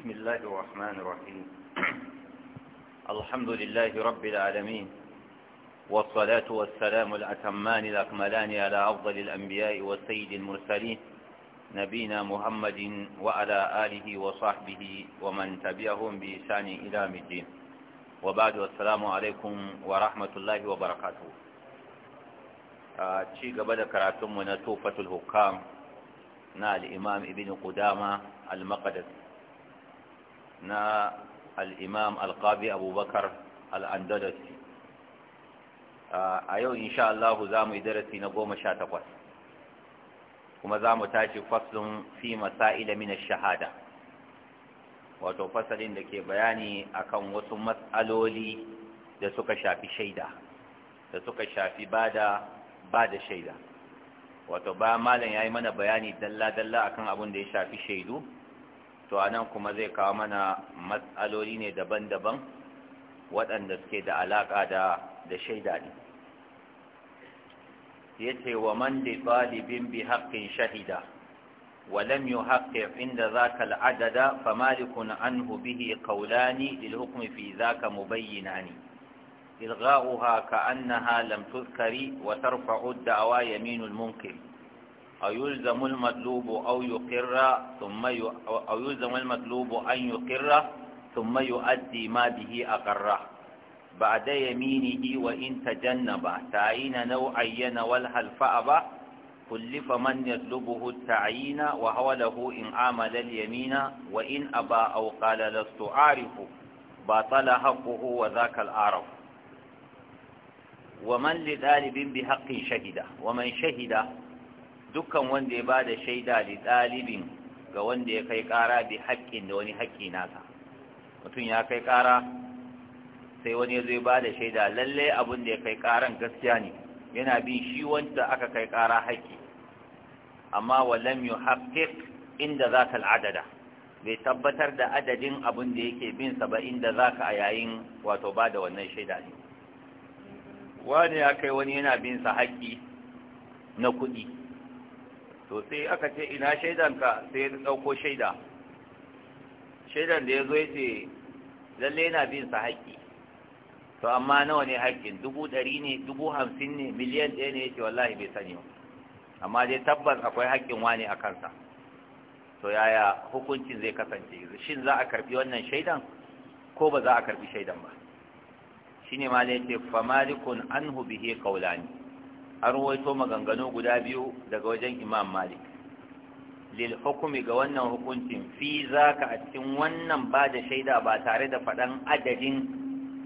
بسم الله الرحمن الرحيم الحمد لله رب العالمين والصلاة والسلام الأتمان الأكملان على أفضل الأنبياء والسيد المرسلين نبينا محمد وعلى آله وصحبه ومن تبعهم بإسان إلى الدين وبعد السلام عليكم ورحمة الله وبركاته آه، شيء قبل كراتم من الهكام نال إمام ابن قدامة المقدس na al'imam alƙabi abubakar al'andadasi a yau insha Allah za mu yi darasi na goma sha takwas kuma za mu tashi faslun fi masa'ila min shahada wato fasalin da ke bayani akan wasu matsaloli da suka shafi shaida da suka shafi bada bada shaida wato ba malam yi mana bayani dalla-dalla akan abin da ya shafi shaidu to anan kuma zai kawo mana matsaloli ne daban-daban waɗanda suke da alaƙa da shaida ne ya ce wa man da ɗalibin bi haƙƙin shahida wa lam yi inda za ka la'adada fa malikun an hubihi kaula ni ilhukumi fi za ka mu ni ilga'uwa ka annaha lamtuskari wa tarfa'ud da awa yaminul munkin أو يلزم المطلوب أو يقر ثم أو يلزم المطلوب أن يقر ثم يؤدي ما به أقره بعد يمينه وإن تجنب نوع نوعين والهل فأبى كلف من يطلبه التعيين وهو له إن عمل اليمين وإن أبى أو قال لست أعرف باطل حقه وذاك الأعرف ومن لذالب بحق شهد ومن شهد dukkan wanda ya bada shaida da ɗalibin ga wanda ya kai ƙara bi haƙƙin da wani haƙƙi nasa mutum ya kai ƙara sai wani ya zo ya bada shaida lalle abin da ya kai ƙaran gaskiya ne yana bi shi wanda aka kai ƙara haƙƙi amma walam yu haƙƙiƙ inda za ka al'adada bai tabbatar da adadin abin da yake bin sa ba inda za ka a yayin wato ba da wannan shaida ne wani ya kai wani yana bin sa haƙƙi na kuɗi to sai aka ce ina shaidanka sai ya ɗauko shaida shaidan da ya zo ya ce lalle yana bin sa haƙƙi to amma nawa ne haƙƙin dubu ɗari ne dubu hamsin ne miliyan ɗaya ne ya wallahi bai sani ba amma dai tabbas akwai haƙƙin wani a kansa to yaya hukuncin zai kasance shin za a karɓi wannan shaidan ko ba za a karɓi shaidan ba shine ma da famalikun anhu bihi qawlani an ruwaito maganganu guda biyu daga wajen imam malik lil hukumi ga wannan hukuncin fi ka a cikin wannan ba da shaida ba tare da faɗan adadin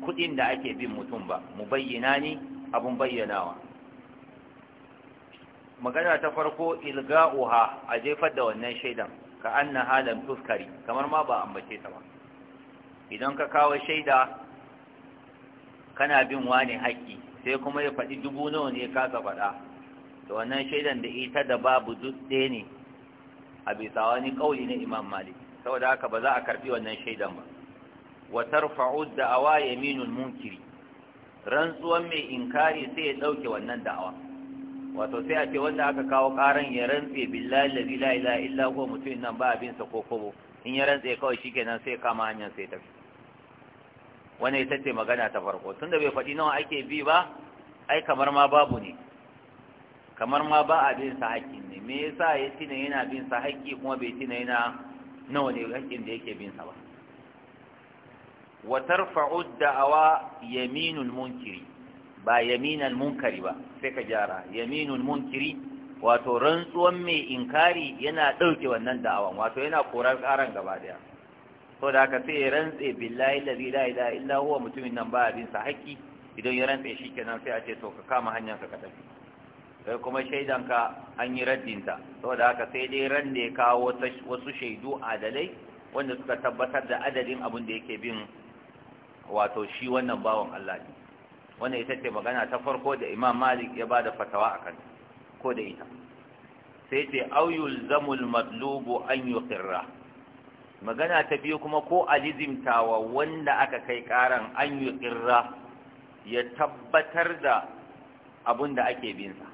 kuɗin da ake bin mutum ba mu bayyana ni abun bayyanawa magana ta farko ilga'uha a jefar da wannan shaidan ka na halin tuskari kamar ma ba ambace ta ba idan ka kawo shaida kana bin wani haƙƙi sai kuma ya faɗi dubu nawa ne kasa faɗa da wannan shaidan da ita da babu dutse ne a bisa wani ƙauli na imam malik saboda haka ba za a karɓi wannan shaidan ba Watar wa tarfa'u da'awa yaminul munkiri rantsuwan mai inkari sai ya ɗauke wannan da'awa wato sai a ce wanda aka kawo ƙaran ya rantse billahi la ilaha illa ko mutum nan ba abin sa ko kobo in ya rantse kawai shikenan sai kama hanyar sai tafi wani ita ce magana ta farko tunda bai faɗi nawa ake bi ba ai kamar ma babu ne kamar ma ba a bin sa haƙƙi ne me yasa ya tina yana bin sa haƙƙi kuma bai tina yana nawa ne haƙƙin da yake bin sa ba wa tarfa'u da'awa yaminul munkiri ba yaminal munkari ba sai ka jara yaminul munkiri wato rantsuwan mai inkari yana ɗauke wannan da'awan wato yana korar ƙaran gaba daya so da haka sai ya rantse billahi allazi la ilaha illa huwa mutumin nan ba abin sa haƙƙi idan ya rantse shi kenan sai a ce to ka kama hanyar ka tafi sai kuma shaidanka an yi raddinta da aka sai dai ran da ya kawo wasu shaidu adalai wanda suka tabbatar da adadin abin da yake bin wato shi wannan bawan Allah ne wannan ita ce magana ta farko da Imam Malik ya da fatawa akan ko da ita sai ce auyul zamul madlubu an yuqirra magana ta biyu kuma ko alizimtawa wanda aka kai karan an yi tsirra ya tabbatar da abin da ake binsa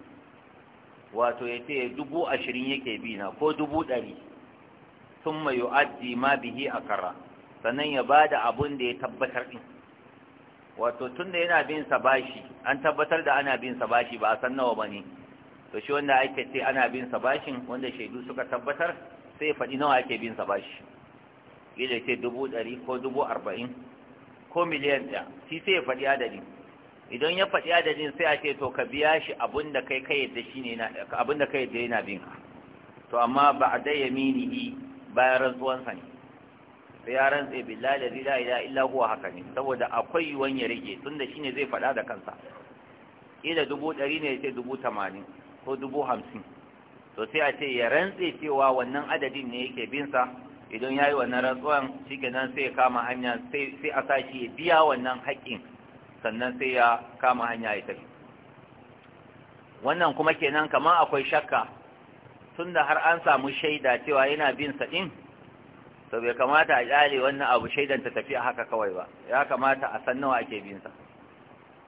wato ya ce dubu ashirin yake bina ko dubu ɗari sun mai yu'addi ma bihi a kara sannan ya ba da abin da ya tabbatar ɗin wato tun da yana binsa bashi an tabbatar da ana binsa bashi ba a san nawa ba ne to shi wanda ake ce ana binsa bashin wanda shaidu suka tabbatar sai faɗi nawa ake binsa bashi kila ce dubu ɗari ko dubu arba'in ko miliyan ɗaya shi sai ya faɗi adadin idan ya faɗi adadin sai a ce to ka biya shi abinda kai ka yadda shi ne abin da ka yadda yana bin ka to amma ba a da yaminihi bayan rantsuwansa ne sai ya rantse billahi da zai ila illa huwa haka ne saboda akwai wani ya rage tun da shi ne zai faɗa da kansa ila dubu ɗari ne ya ce dubu tamanin ko dubu hamsin to sai a ce ya rantse cewa wannan adadin ne yake binsa idan ya yi wannan rantsuwan shi kenan sai ya kama hanya sai a sashi ya biya wannan haƙƙin sannan sai ya kama hanya ya tafi wannan kuma kenan kamar akwai shakka tun da har an samu shaida cewa yana bin saɗin to bai kamata a ƙyale wannan abu shaidan ta tafi haka kawai ba ya kamata a san nawa ake binsa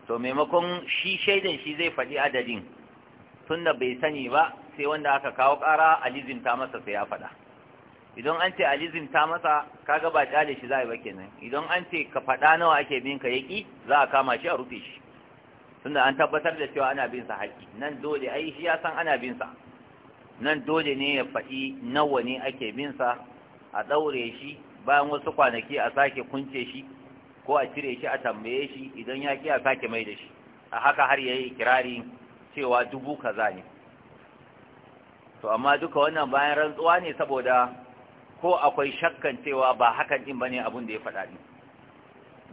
to maimakon shi shaidan shi zai faɗi adadin tun da bai sani ba sai wanda aka kawo ƙara a lizinta masa sai ya faɗa idan an ce alizim ta masa kaga ba kyale shi za a yi ba kenan idan an ce ka faɗa nawa ake bin ka yaƙi, za a kama shi a rufe shi tunda an tabbatar da cewa ana bin sa haƙi nan dole ai shi ya san ana bin sa nan dole ne ya faɗi nawa ne ake bin sa a ɗaure shi bayan wasu kwanaki a sake kunce shi ko a cire shi a tambaye shi idan ya ƙi a sake mai da shi a haka har ya yi kirari cewa dubu kaza ne to amma duka wannan bayan rantsuwa ne saboda ko akwai shakkan cewa ba hakan din bane abun da ya faɗa din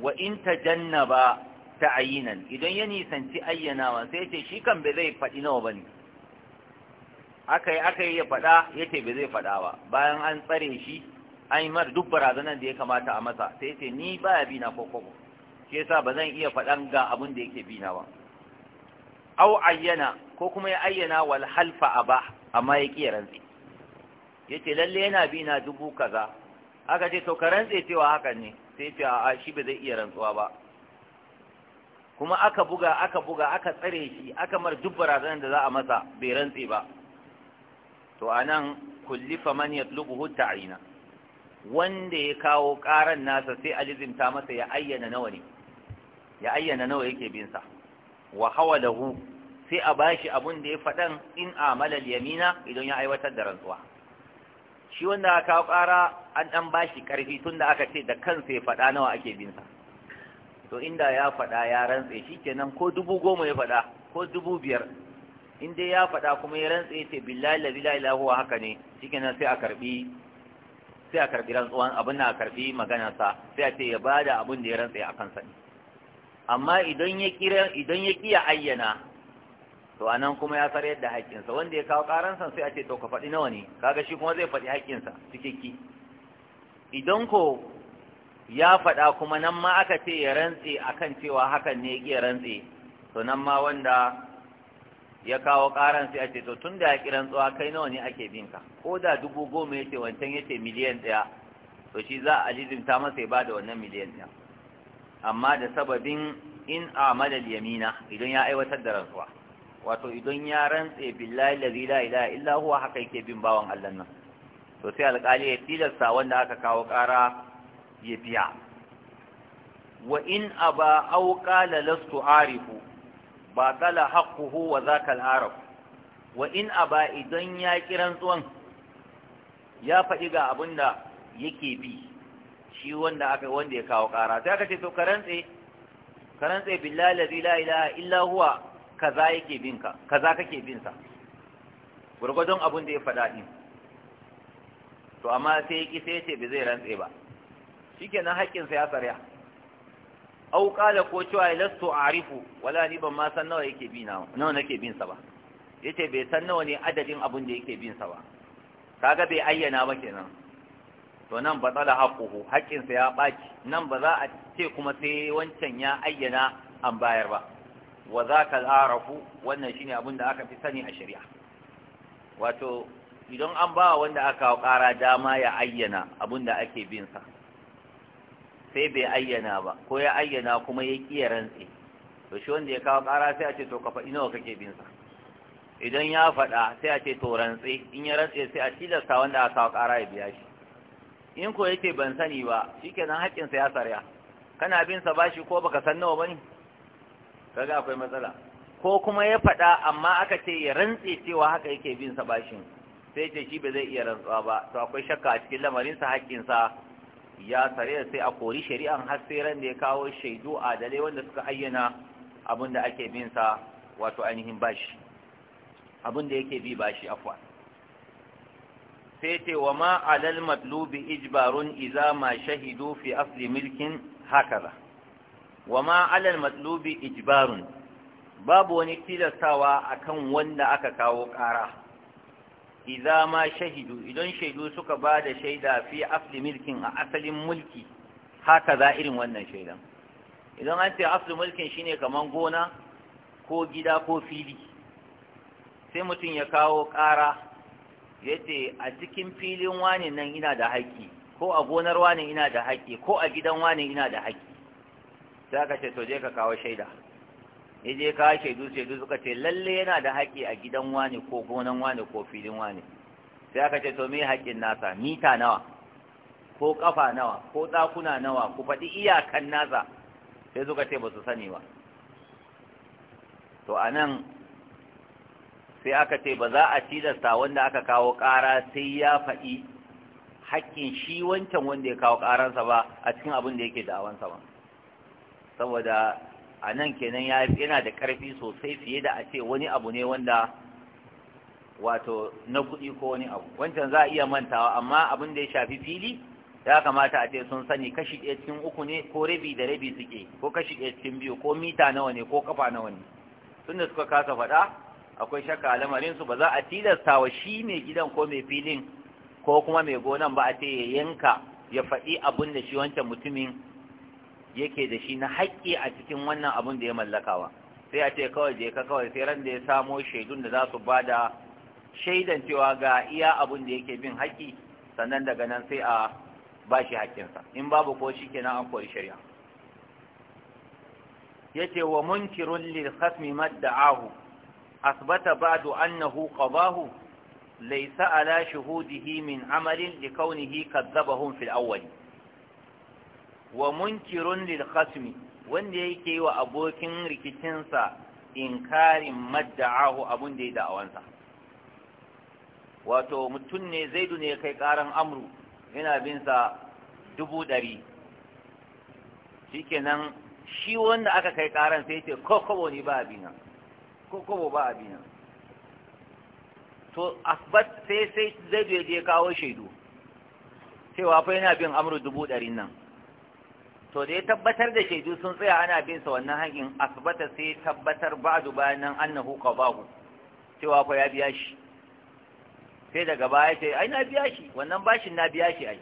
wa in tajannaba ta'ayinan idan ya nisanci ayyanawa sai ce shi kan bai zai faɗi nawa bane akai akai ya faɗa yace bai zai faɗa ba bayan an tsare shi an yi mar duk barazanar da ya kamata a masa sai ce ni ya bina ko kokobo shi yasa ba zan iya faɗan ga abin da yake bina ba au ayyana ko kuma ya ayyana wal halfa aba amma ya ƙi rantsi yace lalle yana bi na dubu kaza aka ce to ka rantse cewa hakan ne sai ce a shi ba zai iya rantsuwa ba kuma aka buga aka buga aka tsare shi aka mar duk barazanar da za a masa bai rantse ba to a anan kullifa man hutta aina wanda ya kawo karan nasa sai alizimta masa ya ayyana nawa ne ya ayyana nawa yake bin sa da hu sai a bashi abun da ya faɗan in amalar yamina idan ya aiwatar da rantsuwa shi wanda aka ƙara an ɗan bashi ƙarfi tun da aka ce da kansa ya faɗa nawa ake binsa to inda ya faɗa ya rantse shi kenan ko dubu goma ya faɗa ko dubu biyar in dai ya faɗa kuma ya rantse ce billahi la billahi la huwa haka ne shi kenan sai a karɓi sai a karɓi rantsuwan abin da a karɓi maganarsa sai a ce ya bada abin da ya rantse a kansa ne amma idan ya kira idan ya kiya ayyana to anan kuma ya sare da haƙƙinsa wanda ya kawo ƙaransa sai a ce to ka faɗi nawa ne kaga shi kuma zai faɗi haƙƙinsa ki idan ko ya faɗa kuma nan ma aka ce ya rantse akan cewa hakan ne ya rantse to nan ma wanda ya kawo ƙaran sai a ce to tun da ya ƙi rantsuwa kai nawa ne ake bin ka ko da dubu goma ya ce wancan ya ce miliyan ɗaya to shi za a lizimta masa ya ba da wannan miliyan ɗaya amma da sababin in a madal yamina idan ya aiwatar da rantsuwa wato idan ya rantse billahi lazi la ilaha illa huwa haka yake bin bawan Allah nan to sai alƙali ya tilasta wanda aka kawo ƙara ya biya wa in aba aw qala lastu arifu ba qala haqquhu wa zaka al-arab wa in aba idan ya kiran tsuwan ya faɗi ga abinda yake bi shi wanda aka wanda ya kawo ƙara sai aka ce to karantse karantse billahi lazi la ilaha illa huwa kaza yake bin ka kaza kake bin sa gurgurdon abin da ya fada din to amma sai yake sai ce bai zai rantse ba shikenan haƙƙin sa ya tsariya au qala ko cewa lastu a'rifu wala ni ban ma san nawa yake bi na nawa nake bin sa ba yace bai san nawa ne adadin abin da yake bin sa ba kaga bai ayyana ba kenan to nan ba tsala haƙuhu haƙƙinsa ya ɓaci nan ba za a ce kuma sai wancan ya ayyana an bayar ba wa za ka al'arafu wannan ne abin da aka fi sani a shari'a wato idan an ba wanda aka kara dama ya ayyana abin da ake bin sa sai bai ayyana ba ko ya ayyana kuma ya ƙiya rantse, to shi wanda ya kawo kara sai a ce to kafa ina kake bin sa idan ya faɗa sai a ce to rantse, in ya rantse sai a tilasta wanda aka kawo kara ya biya shi in ko yake ban sani ba shikenan haƙƙinsa ya sarya kana bin sa bashi ko baka san nawa bane kaga akwai matsala ko kuma ya faɗa amma aka ce ya rantse cewa haka yake bin sa bashin sai ce shi ba zai iya rantsuwa ba to akwai shakka a cikin lamarinsa sa ya tare sai a kori shari'an har sai ran da ya kawo shaidu adalai wanda suka ayyana abin da ake bin sa wato ainihin bashi abin da yake bi bashi afwa sai ce wa ma alal matlubi ijbarun iza ma shahidu fi asli milkin hakaza wa ma alal matlubi ijbarun babu wani tilastawa akan wanda aka kawo ƙara idza ma shahidu idan shaidu suka ba da shaida fi asli milkin a asalin mulki haka za irin wannan shaidan idan an ce asli mulkin shine kamar gona ko gida ko fili sai mutum ya kawo ƙara yace a cikin filin wani nan ina da haƙƙi ko a gonar wani ina da haƙƙi ko a gidan wani ina da haƙƙi sai aka ce to je ka kawo shaida ya je kawo shaidu shaidu suka ce lalle yana da haƙƙi a gidan wani ko gonan wani ko filin wani sai aka ce to me haƙƙin nasa mita nawa ko ƙafa nawa ko ɗakuna nawa ku faɗi iyakan nasa sai suka ce ba su sani ba to a nan sai aka ce ba za a tilasta wanda aka kawo ƙara sai ya faɗi haƙƙin shi wancan wanda ya kawo ƙaransa ba a cikin abin da yake da'awansa ba saboda a nan kenan yana da ƙarfi sosai fiye da a ce wani abu ne wanda wato na kuɗi ko wani abu wancan za a iya mantawa amma abin da ya shafi fili ya kamata a ce sun sani kashi ɗaya cikin uku ne ko rabi da rabi suke ko kashi ɗaya cikin biyu ko mita nawa ne ko kafa nawa ne tunda suka kasa faɗa akwai shakka a su ba za a tilasta wa shi mai gidan ko mai filin ko kuma mai gonan ba a ce ya yanka ya faɗi abin da shi wancan mutumin yake da shi na haƙƙi a cikin wannan abun da ya mallakawa sai a ce kawai je ka kawai sai ran da ya samo shaidun da za su ba da shaidan cewa ga iya abun da yake bin haƙƙi sannan daga nan sai a ba shi haƙƙinsa in babu ko shi kenan an koyi shari'a yace wa munkirun lil khasmi madda'ahu asbata ba'du annahu qadahu laysa ala shuhudihi min amalin li kaunihi kadzabahum fil awwal wa munkirun lil khasmi wanda yake yi wa abokin rikicinsa inkarin madda'ahu abun da ya da'awansa wato mutum ne zaidu ne kai karan amru yana bin sa dubu ɗari shikenan shi wanda aka kai karan sai ce ko kobo ne ba abina ko kobo ba abina to asbat sai sai zaidu ya je kawo shaidu cewa fa yana bin amru dubu dari nan to da ya tabbatar da shaidu sun tsaya ana bin sa wannan haƙin asbata sai tabbatar a bayan nan annahu ku cewa fa ya biya shi sai daga baya ce ai na biya shi wannan bashin na biya shi ai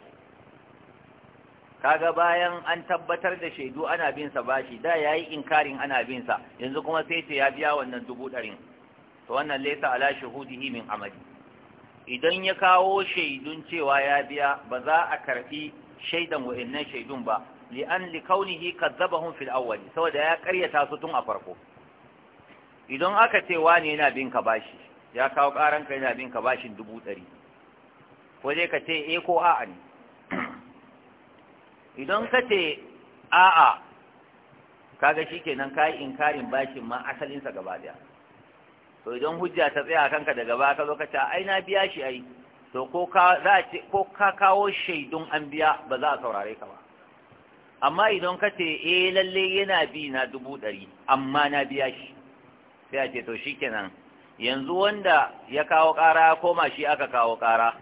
kaga bayan an tabbatar da shaidu ana bin sa bashi da yayi inkarin ana bin sa yanzu kuma sai ce ya biya wannan dubu ɗarin to wannan laysa ala shuhudihi min amali idan ya kawo shaidun cewa ya biya ba za a karfi shaidan wa'annan shaidun ba li'an likaunihi kazzabahum fil awwal saboda ya karyata su tun a farko idan aka ce wani yana bin ka bashi ya kawo karan ka yana bin ka bashin dubu ɗari ko dai ka ce e ko a'a ne idan ka ce a'a kaga shikenan kai inkarin bashin ma asalinsa gaba daya to idan hujja ta tsaya kanka daga baya ka zo ka ce ai na biya shi ai to ko ka za ko ka kawo shaidun an biya ba za a saurare ka ba amma idan ka ce e, lalle yana bi na dubu ɗari amma na biya shi sai a ce to shi kenan yanzu wanda ya kawo ƙara koma shi aka kawo ƙara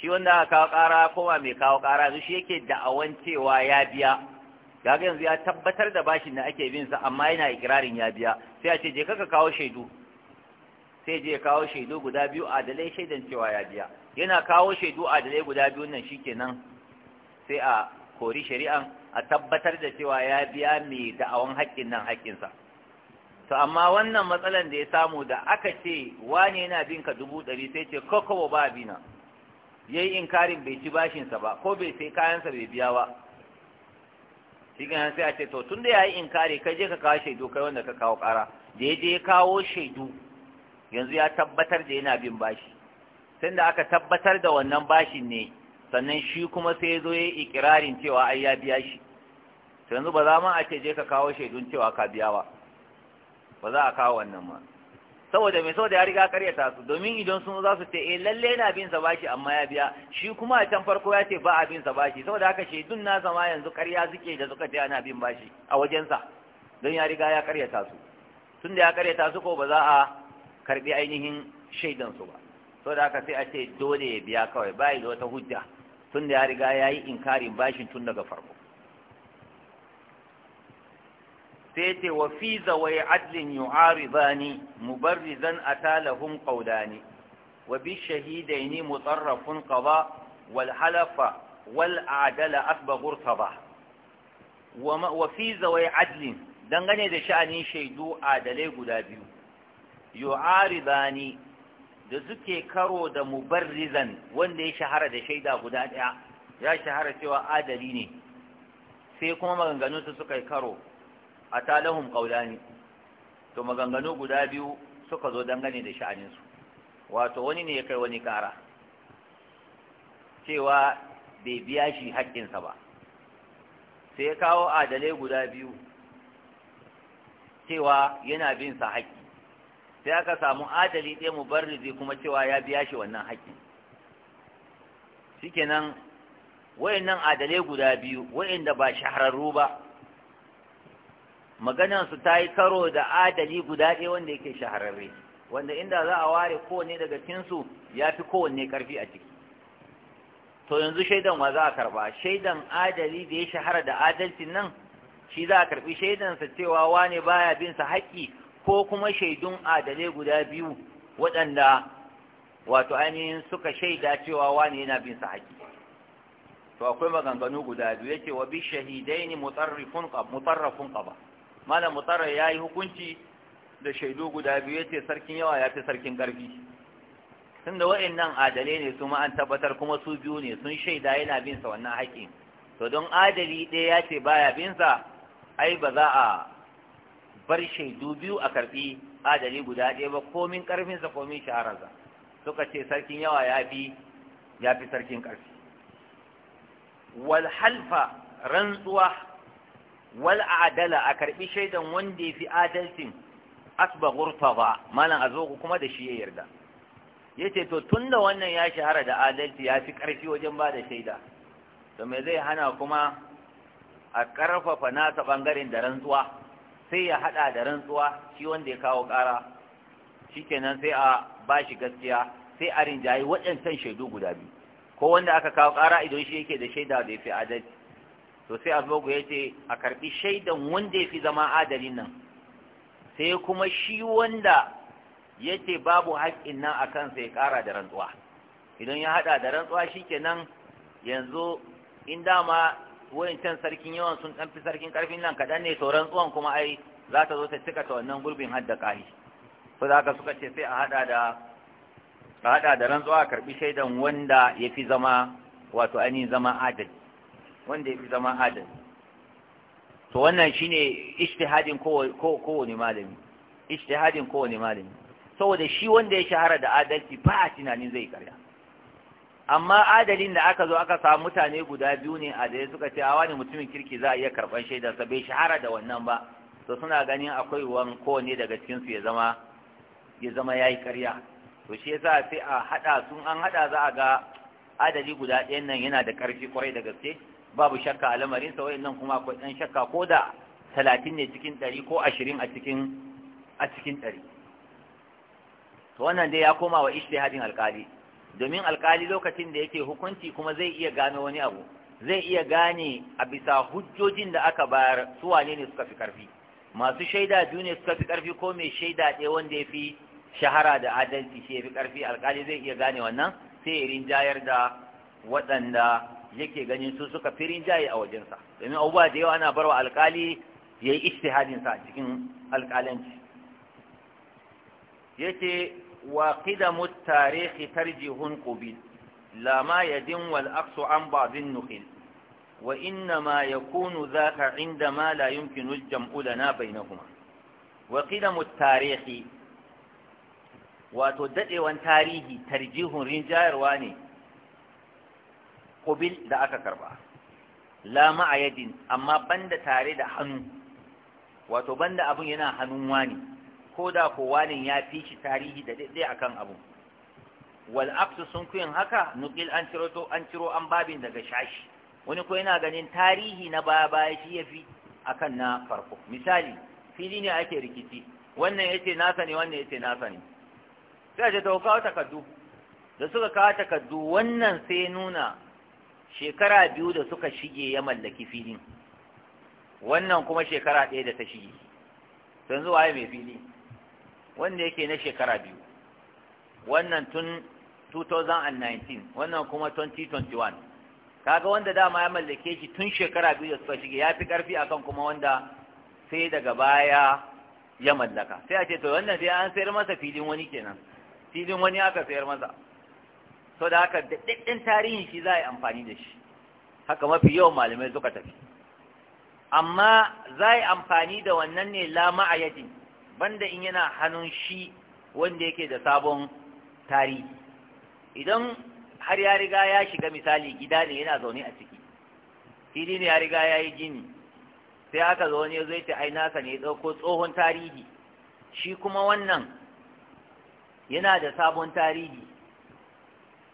shi wanda aka kawo ƙara koma mai kawo ƙara su shi yake da'awan cewa ya biya ga yanzu ya tabbatar da bashin da ake bin sa amma yana ikirarin ya biya sai a ce je kaka kawo shaidu sai je kawo shaidu guda biyu adalai shaidan cewa ya biya yana kawo shaidu adalai guda biyu nan shi kenan sai a kori shari'an a tabbatar da cewa ya biya mai da'awan haƙƙin nan haƙƙinsa to amma wannan matsalar da ya samu da aka ce wane yana bin ka dubu ɗari sai ce kokowa ba a bina ya yi inkarin bai ci bashinsa ba ko bai sai kayansa bai biya ba shi ganin sai a ce to tun da ya yi inkari kai je ka kawo shaidu kai wanda ka kawo ƙara da ya je ya kawo shaidu yanzu ya tabbatar da yana bin bashi tun da aka tabbatar da wannan bashin ne sannan shi kuma sai zo ya yi ikirarin cewa ai ya biya shi yanzu ba za ma a ce je ka kawo shaidun cewa ka biya ba ba za a kawo wannan ma saboda mai saboda ya riga karyata su domin idan sun za su ce eh lalle na bin sa bashi amma ya biya shi kuma a can farko ya ce ba a bin sa bashi saboda haka shaidun na zama yanzu karya zuke da suka ce ana bin bashi a wajensa don ya riga ya karyata su tun da ya karyata su ko ba za a karbi ainihin shaidan su ba saboda haka sai a ce dole ya biya kawai bai da wata hujja tun da ya riga ya yi inkarin bashin tun daga farko sai ce wa fi zawai adlin yuari yu'aridani mubarrizan ƙauda ni. wa bi ni mu tsarrafun ƙaba walhalafa wal adala ta ba wa fi zawai adlin dangane da sha'anin shaidu adalai guda biyu Yuari ni. da suke karo da mubarrizan wanda ya shahara da shaida guda ɗaya ya shahara cewa adali ne sai kuma maganganunsu suka karo a talahun ƙaudani, to maganganu guda biyu suka zo dangane da sha'aninsu wato wani ne ya kai wani ƙara cewa bai biya shi haƙƙinsa ba sai ya kawo adalai guda biyu cewa yana bin sa haƙƙi sai aka samu adali ɗaya mu mubarrizi kuma cewa ya biya shi wannan haƙƙin nan, wayannan adalai guda biyu wayanda ba shahararru ba Maganansu su yi karo da adali guda ɗaya wanda yake shahararre wanda inda za a ware kowanne daga cinsu ya fi kowanne ƙarfi a ciki to yanzu shaidan wa za a karba shaidan adali da ya shahara da adalcin nan shi za a karɓi. Shaidansa cewa wane baya bin sa haƙƙi ko kuma shaidun adale guda biyu waɗanda wato ainihin suka shaida cewa wani yana bin sahaki to akwai maganganu guda biyu yake wa bi shahidaini mutarrifun qab mutarrafun qaba malam mutarrif yayi hukunci da shaidu guda biyu yace sarkin yawa ya fi sarkin karfi tunda nan adale ne su ma an tabbatar kuma su biyu ne sun shaida yana bin sa wannan haƙin to don adali ɗaya ya ce baya bin sa ai ba za a bar shaidu biyu a karbi adali guda ɗaya ba komin ƙarfinsa komin shahararsa suka ce sarkin yawa ya fi ya fi sarkin ƙarfi wal rantsuwa wal a karbi shaidan wanda ya fi adalcin asba gurta ba malam a kuma da shi ya yarda ya ce to tunda wannan ya shahara da adalci ya fi ƙarfi wajen ba da shaida to me zai hana kuma a ƙarfafa nasa ɓangaren da rantsuwa sai ya haɗa da rantsuwa shi wanda ya kawo kara shikenan sai a bashi gaskiya sai a rinjayi waɗancan shaidu guda biyu ko wanda aka kawo kara idan shi yake da shaida da ya fi adalci to sai a ya yace a karbi shaidan wanda ya fi zama adalin nan sai kuma shi wanda yace babu haƙƙin nan a kansa ya kara da rantsuwa idan ya haɗa da rantsuwa shikenan yanzu in dama can sarkin yawan sun ɗan fi sarkin ƙarfin nan kaɗan ne to rantsuwan kuma ai za ta zo ta cika ta wannan gurbin hadda ƙari ko za ka suka ce sai a haɗa da a haɗa da rantsuwa a karɓi shaidan wanda ya fi zama wato ainihin zama adali wanda ya fi zama adali to wannan shine ishtihadin kowane malami ishtihadin kowane malami saboda shi wanda ya shahara da adalci ba a tunanin zai karya amma adalin da aka zo aka samu mutane guda biyu ne a da suka ce a wani mutumin kirki za a iya karɓar shaidarsa bai shahara da wannan ba to suna ganin akwai wani kowane daga cikinsu ya zama ya zama ya yi ƙarya to shi yasa sai a haɗa sun an haɗa za a ga adali guda ɗayan nan yana da ƙarfi kwarai da gaske babu shakka a sa wayan nan kuma akwai ɗan shakka ko da talatin ne cikin ɗari ko ashirin a cikin a cikin ɗari to wannan dai ya koma wa ishtihadin alƙali domin alkali lokacin da yake hukunci kuma zai iya gano wani abu zai iya gane a bisa hujjojin da aka bayar su wane ne suka fi karfi masu shaida biyu ne suka fi karfi ko mai shaida ɗaya wanda ya fi shahara da adalci shi ya fi karfi alkali zai iya gane wannan sai ya rinjayar da waɗanda yake ganin su suka fi rinjaye a wajensa domin abubuwa da yawa ana barwa alkali ya yi ishtihadinsa cikin alkalanci yake وقدم التاريخ ترجه قبل لا ما يدن والأقص عن بعض النخل وإنما يكون ذاك عندما لا يمكن الجمع لنا بينهما وقدم التاريخ وتدد وان تاريخي ترجيه رنجار واني قبل دا أكا كربا لا ما يدن أما بند تاري دا حنو وتبند أبو ينا حنو واني ko da kowa ya fi shi tarihi da daidai akan abu wal sun kuyin haka nukil an ciro to an ciro an babin daga shashi wani ko yana ganin tarihi na baya baya shi ya a akan na farko misali fili ne ake rikici wannan ya ce nasa ne wannan ya ce nasa ne sai ce ta kawo takardu. da suka kawo takardu wannan sai nuna shekara biyu da suka shige ya mallaki filin wannan kuma shekara ɗaya da ta shige yanzu waye mai fili wanda yake na shekara biyu wannan tun 2019 wannan kuma 2021 kaga wanda dama ya mallake shi tun shekara biyu da suka shige ya fi karfi akan kuma wanda sai daga baya ya mallaka sai a ce to wannan sai an sayar masa filin wani kenan filin wani aka sayar masa so da haka daɗaɗɗen tarihin shi za a yi amfani da shi haka mafi yawan malamai suka tafi amma za a yi amfani da wannan ne la ma'ayadin banda in yana hannun shi wanda yake da sabon tarihi idan har ya riga ya shiga misali gida ne yana zaune a ciki fili ne ya riga ya yi gini sai aka zo ne zai ce ai nasa ne ɗauko tsohon tarihi shi kuma wannan yana da sabon tarihi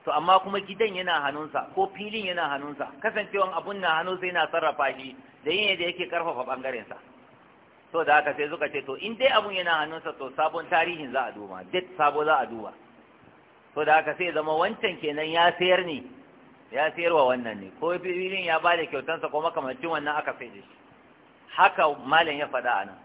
to amma kuma gidan yana hannunsa ko filin yana hannunsa kasancewan abun na hannu sai yana sarrafa shi da yin yadda yake karfafa ɓangarensa so da haka sai suka ce to in dai abun yana hannunsa to sabon tarihin za a duba duk sabo za a duba so da haka sai zama wancan kenan ya sayar ne ya sayarwa wannan ne ko filin ya ba da kyautansa ko makamancin wannan aka sai da shi haka malam ya faɗa a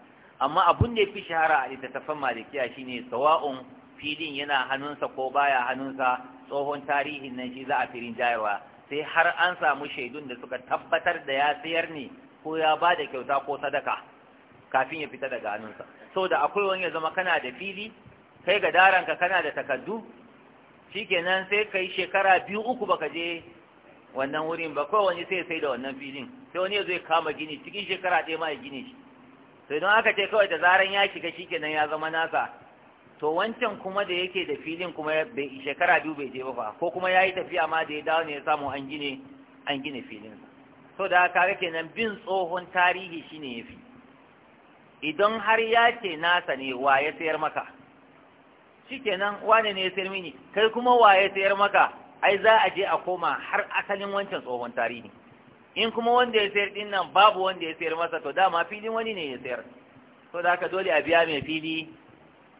amma abun da ya fi shahara a littattafan malikiya shine sawa'un filin yana hannunsa ko baya hannunsa tsohon tarihin nan shi za a filin jayarwa sai har an samu shaidun da suka tabbatar da ya sayar ne ko ya ba da kyauta ko sadaka kafin ya fita daga hannunsa da akwai wani ya zama kana da fili kai ga daranka kana da takaddu shikenan sai kai shekara biyu uku baka je wannan wurin ba kawai wani sai sai da wannan filin sai wani ya zo ya kama gini cikin shekara ɗaya ma ya gini shi sai don aka ce kawai da zaran ya shiga shikenan ya zama nasa to wancan kuma da yake da filin kuma bai shekara biyu bai je ba ko kuma ya yi tafiya ma da ya dawo ne ya samu an gine an gine filin sau da haka kenan bin tsohon tarihi shine fi. idan har ya ce nasa ne wa ya sayar maka shikenan wane ne ya sayar mini kai kuma wa ya sayar maka ai za a je a koma har asalin wancan tsohon tarihi in kuma wanda ya sayar din nan babu wanda ya sayar masa to dama filin wani ne ya sayar to da haka dole a biya mai fili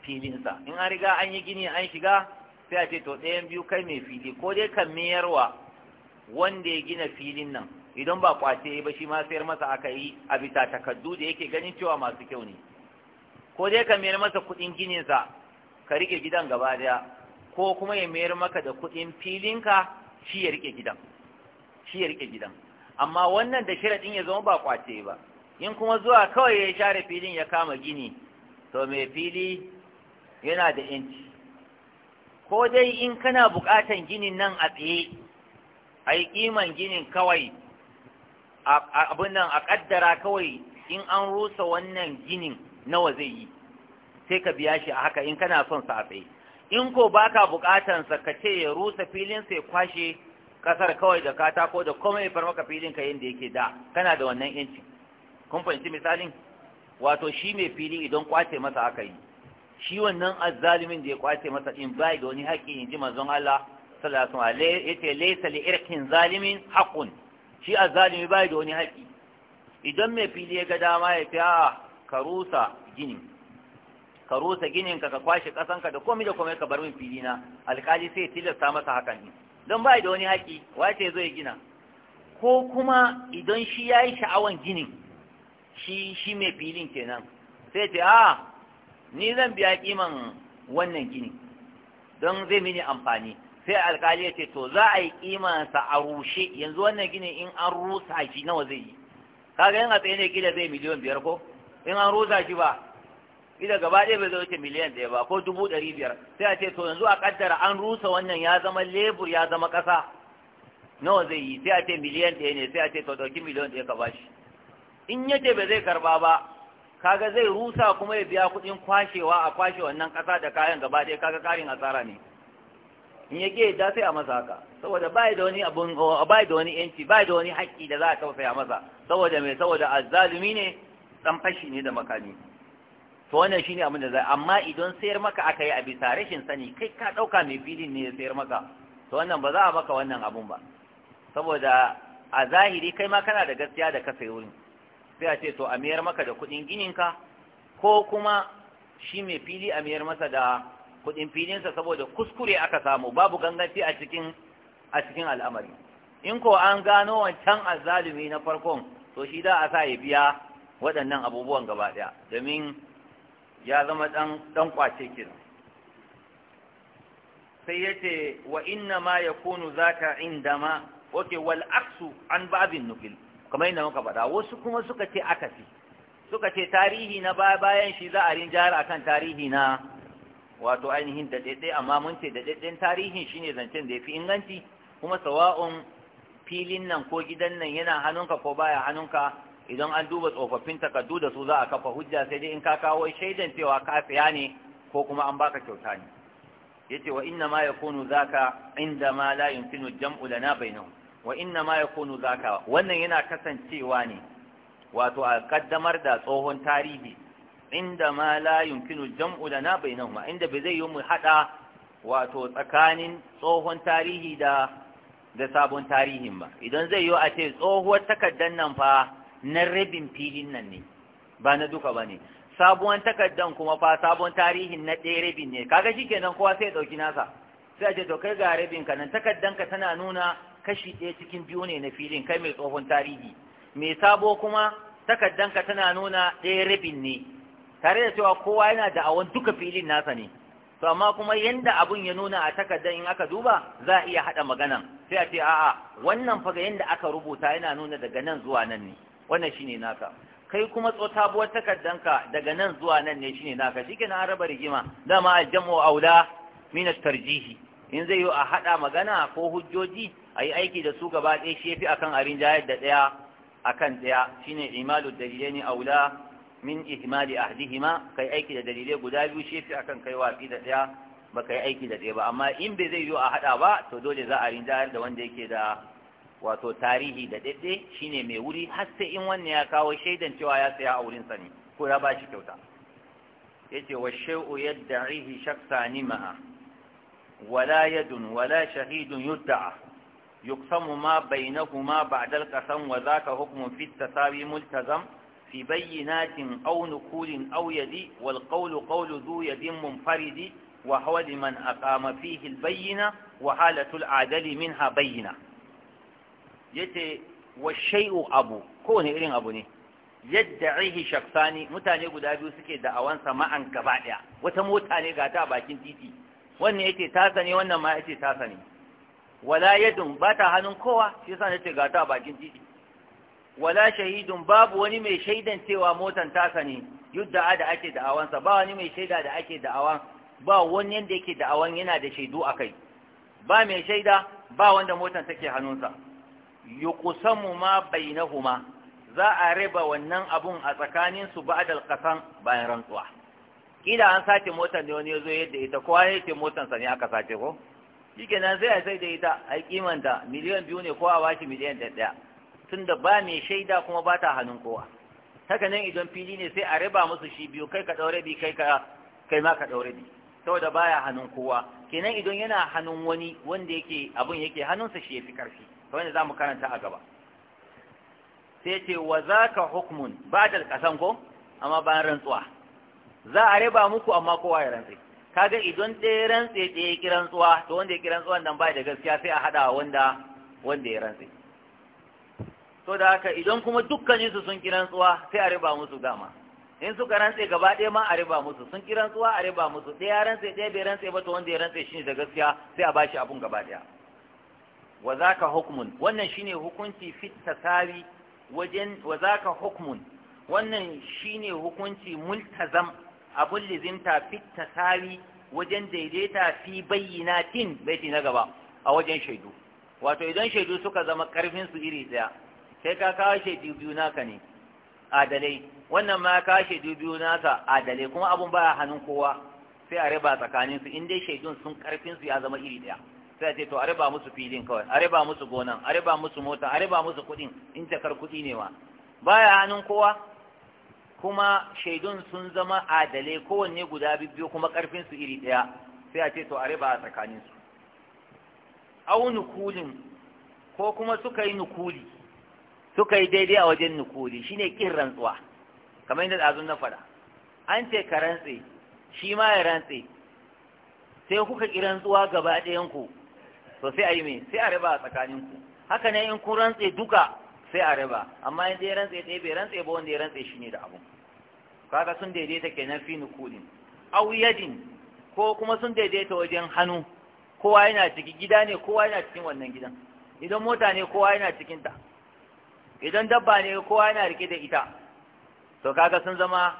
filinsa in an riga an yi gini an shiga sai a ce to ɗayan biyu kai mai fili ko dai kan mayarwa wanda ya gina filin nan idan ba kwace ba shi ma sayar masa aka yi a bisa takaddu da yake ganin cewa masu kyau ne ko dai ka mayar masa kuɗin gininsa ka rike gidan gaba daya ko kuma ya mayar maka da kuɗin filinka shi ya rike gidan shi ya rike gidan amma wannan da sharaɗin ya zama ba kwace ba in kuma zuwa kawai ya share filin ya kama gini to mai fili yana da yanci ko dai in kana buƙatan ginin nan a tsaye a yi ƙiman ginin kawai abin nan a kaddara kawai in an rusa wannan ginin nawa zai yi sai ka biya shi a haka in kana son sa in ko baka bukatan sa ka ce ya rusa filin sai kwashe kasar kawai da katako da komai ya maka filin ka yanda yake da kana da wannan yanci kun fahimci misalin wato shi mai fili idan kwace masa aka yi shi wannan azzalimin da ya kwace masa din bai da wani haƙƙi in ji manzon Allah sallallahu alaihi sallam yace laysa li irkin zalimin haqqun shi azzalimi bai da wani haƙi idan mai fili ya ga dama ya fi a karusa ginin karusa ginin ka kwashe kasanka da komai da komai ka bar min fili na alkali sai tilasta masa hakan ne don bai da wani haƙi wace zo ya gina ko kuma idan shi ya yi sha'awan ginin shi shi mai filin kenan sai ce a ni zan biya kiman wannan gini don zai mini amfani sai alkali ya ce to za a yi kimansa a rushe yanzu wannan gini in an rusa shi nawa zai yi kaga yin a tsaye ne gida zai miliyan biyar ko in an rusa shi ba gida gaba ɗaya bai zai wuce miliyan ɗaya ba ko dubu ɗari biyar sai a ce to yanzu a kaddara an rusa wannan ya zama lebur ya zama ƙasa nawa zai yi sai a ce miliyan ɗaya ne sai a ce to ɗauki miliyan ɗaya ka bashi in ya ce bai zai karba ba kaga zai rusa kuma ya biya kuɗin kwashewa a kwashe wannan ƙasa da kayan gaba ɗaya kaga ƙarin asara ne in ya ke da sai a masa haka saboda bai da wani abun bai da wani yanci bai da wani haƙƙi da za a tausaya masa saboda mai saboda azzalumi ne dan fashi ne da makami to wannan shine abin da zai amma idan sayar maka aka yi a bisa rashin sani kai ka dauka mai filin ne ya sayar maka to wannan ba za a maka wannan abun ba saboda a zahiri kai ma kana da gaskiya da ka sayi wurin sai a ce to a mayar maka da kuɗin gininka ko kuma shi mai fili a mayar masa da kudin filinsa saboda kuskure aka samu babu ganganci a cikin a cikin al'amari in ko an gano wancan azalumi na farkon to shi da a sa ya biya waɗannan abubuwan gaba ɗaya domin ya zama ɗan kwace kira sai ya ce wa inna ma ya kunu za ka inda ma oke wal aksu an babin nufil kamar yadda muka faɗa wasu kuma suka ce akasi suka ce tarihi na bayan shi za a a akan tarihi na wato ainihin daɗaɗɗe amma mun ce daɗaɗɗen tarihin shine zancen da ya fi inganci kuma sawa'un filin nan ko gidan nan yana hannunka ko baya hannunka idan an duba tsofaffin takardu da su za a kafa hujja sai dai in ka kawo shaidan cewa ka tsaya ne ko kuma an baka kyauta ne yace wa inna ma yakunu zaka inda ma la yumkinu jam'u lana bainahum wa inna ma yakunu zaka wannan yana kasancewa ne wato a kaddamar da tsohon tarihi inda ma la yumkinu jam'u lana bainahuma inda bai zai yi mu hada wato tsakanin tsohon tarihi da da sabon tarihin ba idan zai yo a ce tsohuwar takaddan nan fa na rabin filin nan ne ba na duka ba ne takaddan kuma fa sabon tarihin na ɗaya rabin ne kaga shikenan kenan kowa sai ya ɗauki nasa sai a ce to kai ga rabin ka nan takaddan ka tana nuna kashi ɗaya cikin biyu ne na filin kai mai tsohon tarihi mai sabo kuma takaddan ka tana nuna ɗaya rabin ne tare da cewa kowa yana da awon duka filin nasa ne to amma kuma yanda abun ya nuna a takardar in aka duba za a iya haɗa magana. sai a ce a'a wannan faga yanda aka rubuta yana nuna daga nan zuwa nan ne wannan shine naka kai kuma tsotabuwar takardanka daga nan zuwa nan ne shine naka shikenan an raba rigima dama aljamu aula min tarjihi in zai yi a haɗa magana ko hujjoji a yi aiki da su gaba ɗaya shi yafi akan abin jayar da ɗaya akan ɗaya shine imalu dalilai aula min ihmali ahdihima kai aiki da dalilai guda biyu shi yake akan kai wafi da daya ba kai aiki da daya ba amma in bai zai yi a hada ba to dole za a rinjayar da wanda yake da wato tarihi da daidai shine mai wuri har sai in wannan ya kawo shaidan cewa ya saya a wurin sani ko ya bashi kyauta yace wa shay'u yad'ihi shakhsani ma'a wala yadun wala shahidun yud'a yuqsamu ma bainahuma ba'da al-qasam wa dhaka hukmun fi at-tasawi multazam في بينات أو نقول أو يد والقول قول ذو يد منفرد وهو لمن أقام فيه البينة وحالة العدل منها بينة يتي والشيء أبو كون إرين أبو ني yadda'ihi shaksani mutane guda biyu suke da'awansa ma'an gaba wata mota ga ta bakin titi wannan yace ta sani wannan ma yace ta sani wala ba ta hannun kowa shi ga ta bakin titi wala shahidun babu wani mai shaidan cewa motan taka ne yadda da ake da'awansa ba wani mai shaida da ake da'awan ba wani yanda yake da'awan yana da shaidu a kai ba mai shaida ba wanda motan take hannunsa yuqsamu ma bainahuma za a raba wannan abun a tsakanin su ba'dal qasan bayan rantsuwa kila an sace motar ne wani yazo yadda ita kowa yake motar sa ne aka sace ko shikenan sai a sai da ita a kimanta miliyan biyu ne ko a bashi miliyan ɗaya tunda ba mai shaida kuma ba ta hannun kowa haka nan idan fili ne sai a raba musu shi biyu kai ka ɗaure bi kai ka kai ma ka ɗaure bi saboda baya hannun kowa kenan idan yana hannun wani wanda yake abin yake hannunsa shi fi ƙarfi kamar yadda mu karanta a gaba sai ce wa ka hukmun ba'da ƙasan ko amma bayan rantsuwa za a raba muku amma kowa ya rantse. kaga idan ɗaya rantse ɗaya ya ki rantsuwa to wanda ya ki rantsuwan nan ba da gaskiya sai a haɗa wanda wanda ya rantse so da haka idan kuma dukkaninsu sun kiran tsuwa sai a riba musu dama in suka rantse gaba ɗaya ma a riba musu sun kiran tsuwa a riba musu ɗaya rantse ɗaya bai rantse ba to wanda ya rantse shi da gaskiya sai a bashi abun gaba ɗaya wa zaka hukmun wannan shine hukunci fit tasawi wajen wa zaka hukmun wannan shine hukunci multazam abun lizimta fit tasawi wajen daidaita fi bayyinatin baiti na gaba a wajen shaidu wato idan shaidu suka zama karfin su iri ɗaya. kai ka kawo shaidu biyu naka ne adalai wannan ma ka shaidu biyu nasa adalai kuma abun ba a hannun kowa sai a riba tsakanin su in dai shaidun sun karfin su ya zama iri daya sai a ce to a riba musu filin kawai a riba musu gonan a riba musu mota a riba musu kuɗin in takar kuɗi ne ma ya hannun kowa kuma shaidun sun zama adalai kowanne guda biyu kuma karfin su iri daya sai a ce to a riba tsakanin su au nukulin ko kuma suka yi nukuli suka yi daidai a wajen nukuli shine ƙin rantsuwa kamar yadda azun na fara an ce ka rantse shi ma ya rantse sai kuka ki rantsuwa gaba ɗayan ku to sai a yi mai sai a raba a tsakanin ku haka ne in kun rantse duka sai a raba amma in dai rantse ɗaya bai rantse ba wanda ya rantse shi ne da abu kaga sun daidaita kenan fi nukulin auyadin ko kuma sun daidaita wajen hannu kowa yana ciki gida ne kowa yana cikin wannan gidan idan mota ne kowa yana cikin ta idan dabba ne kowa yana rike da ita to kaga sun zama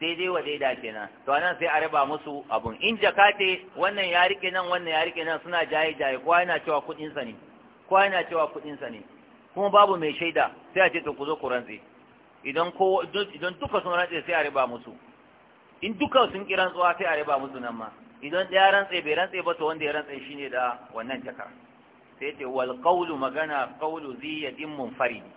daidai wa daida kenan to anan sai a raba musu abun in jakate wannan ya rike nan wannan ya rike nan suna jaye jaye kowa yana cewa kudin sa ne kowa yana cewa kudin sa ne kuma babu mai shaida sai a ce to ku zo ku rantse idan ko idan duka sun rantse sai a raba musu in duka sun kiran tsowa sai a raba musu nan ma idan ɗaya rantse bai rantse ba to wanda ya rantse shine da wannan jaka. sai ce wal qawlu magana qawlu ziyadin munfaridi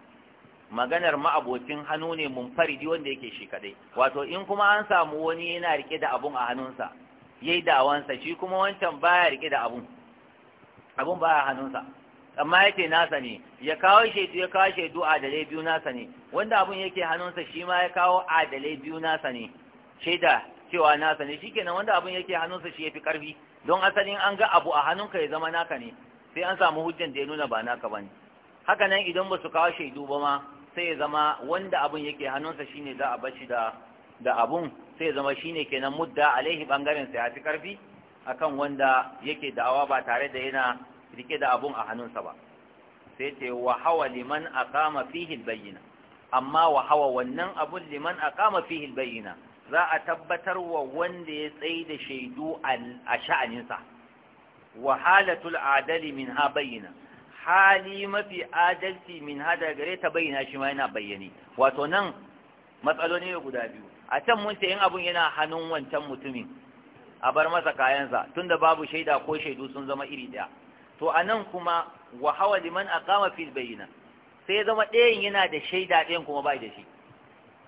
maganar ma'abocin hannu ne munfaridi wanda yake shi kadai wato in kuma an samu wani yana rike da abun a hannunsa yayi dawansa shi kuma wancan baya rike da abun abun baya hannunsa amma yake nasa ne ya kawo shaidu ya kawo shaidu adalai biyu nasa ne wanda abun yake hannunsa shi ma ya kawo adalai biyu nasa ne shaida cewa nasa ne shikenan wanda abun yake hannunsa shi yafi karfi don asalin an ga abu a hannunka ya zama naka ne sai an samu hujjan da ya nuna ba naka bane haka nan idan ba su kawo shaidu ba ma sai zama wanda abun yake hannunsa shine za a bashi da da abun sai zama shine kenan mudda alaihi bangaren sa ya karfi akan wanda yake da'awa ba tare da yana rike da abun a hannunsa ba sai ce wa hawa liman aqama fihi albayna amma wa hawa wannan abun liman aqama fihi albayna za a tabbatar wa wanda ya tsaye da shaidu a sha'aninsa wa halatul adali min ha bayyana hali mafi adalci min hada gare ta bayyana shi ma yana bayyane wato nan matsaloli ne guda biyu a can mun ce in abun yana hannun wancan mutumin a bar masa kayansa tunda babu shaida ko shaidu sun zama iri daya to a nan kuma wa hawa liman aqama fil bayyana sai zama ɗayan yana da shaida ɗayan kuma bai da shi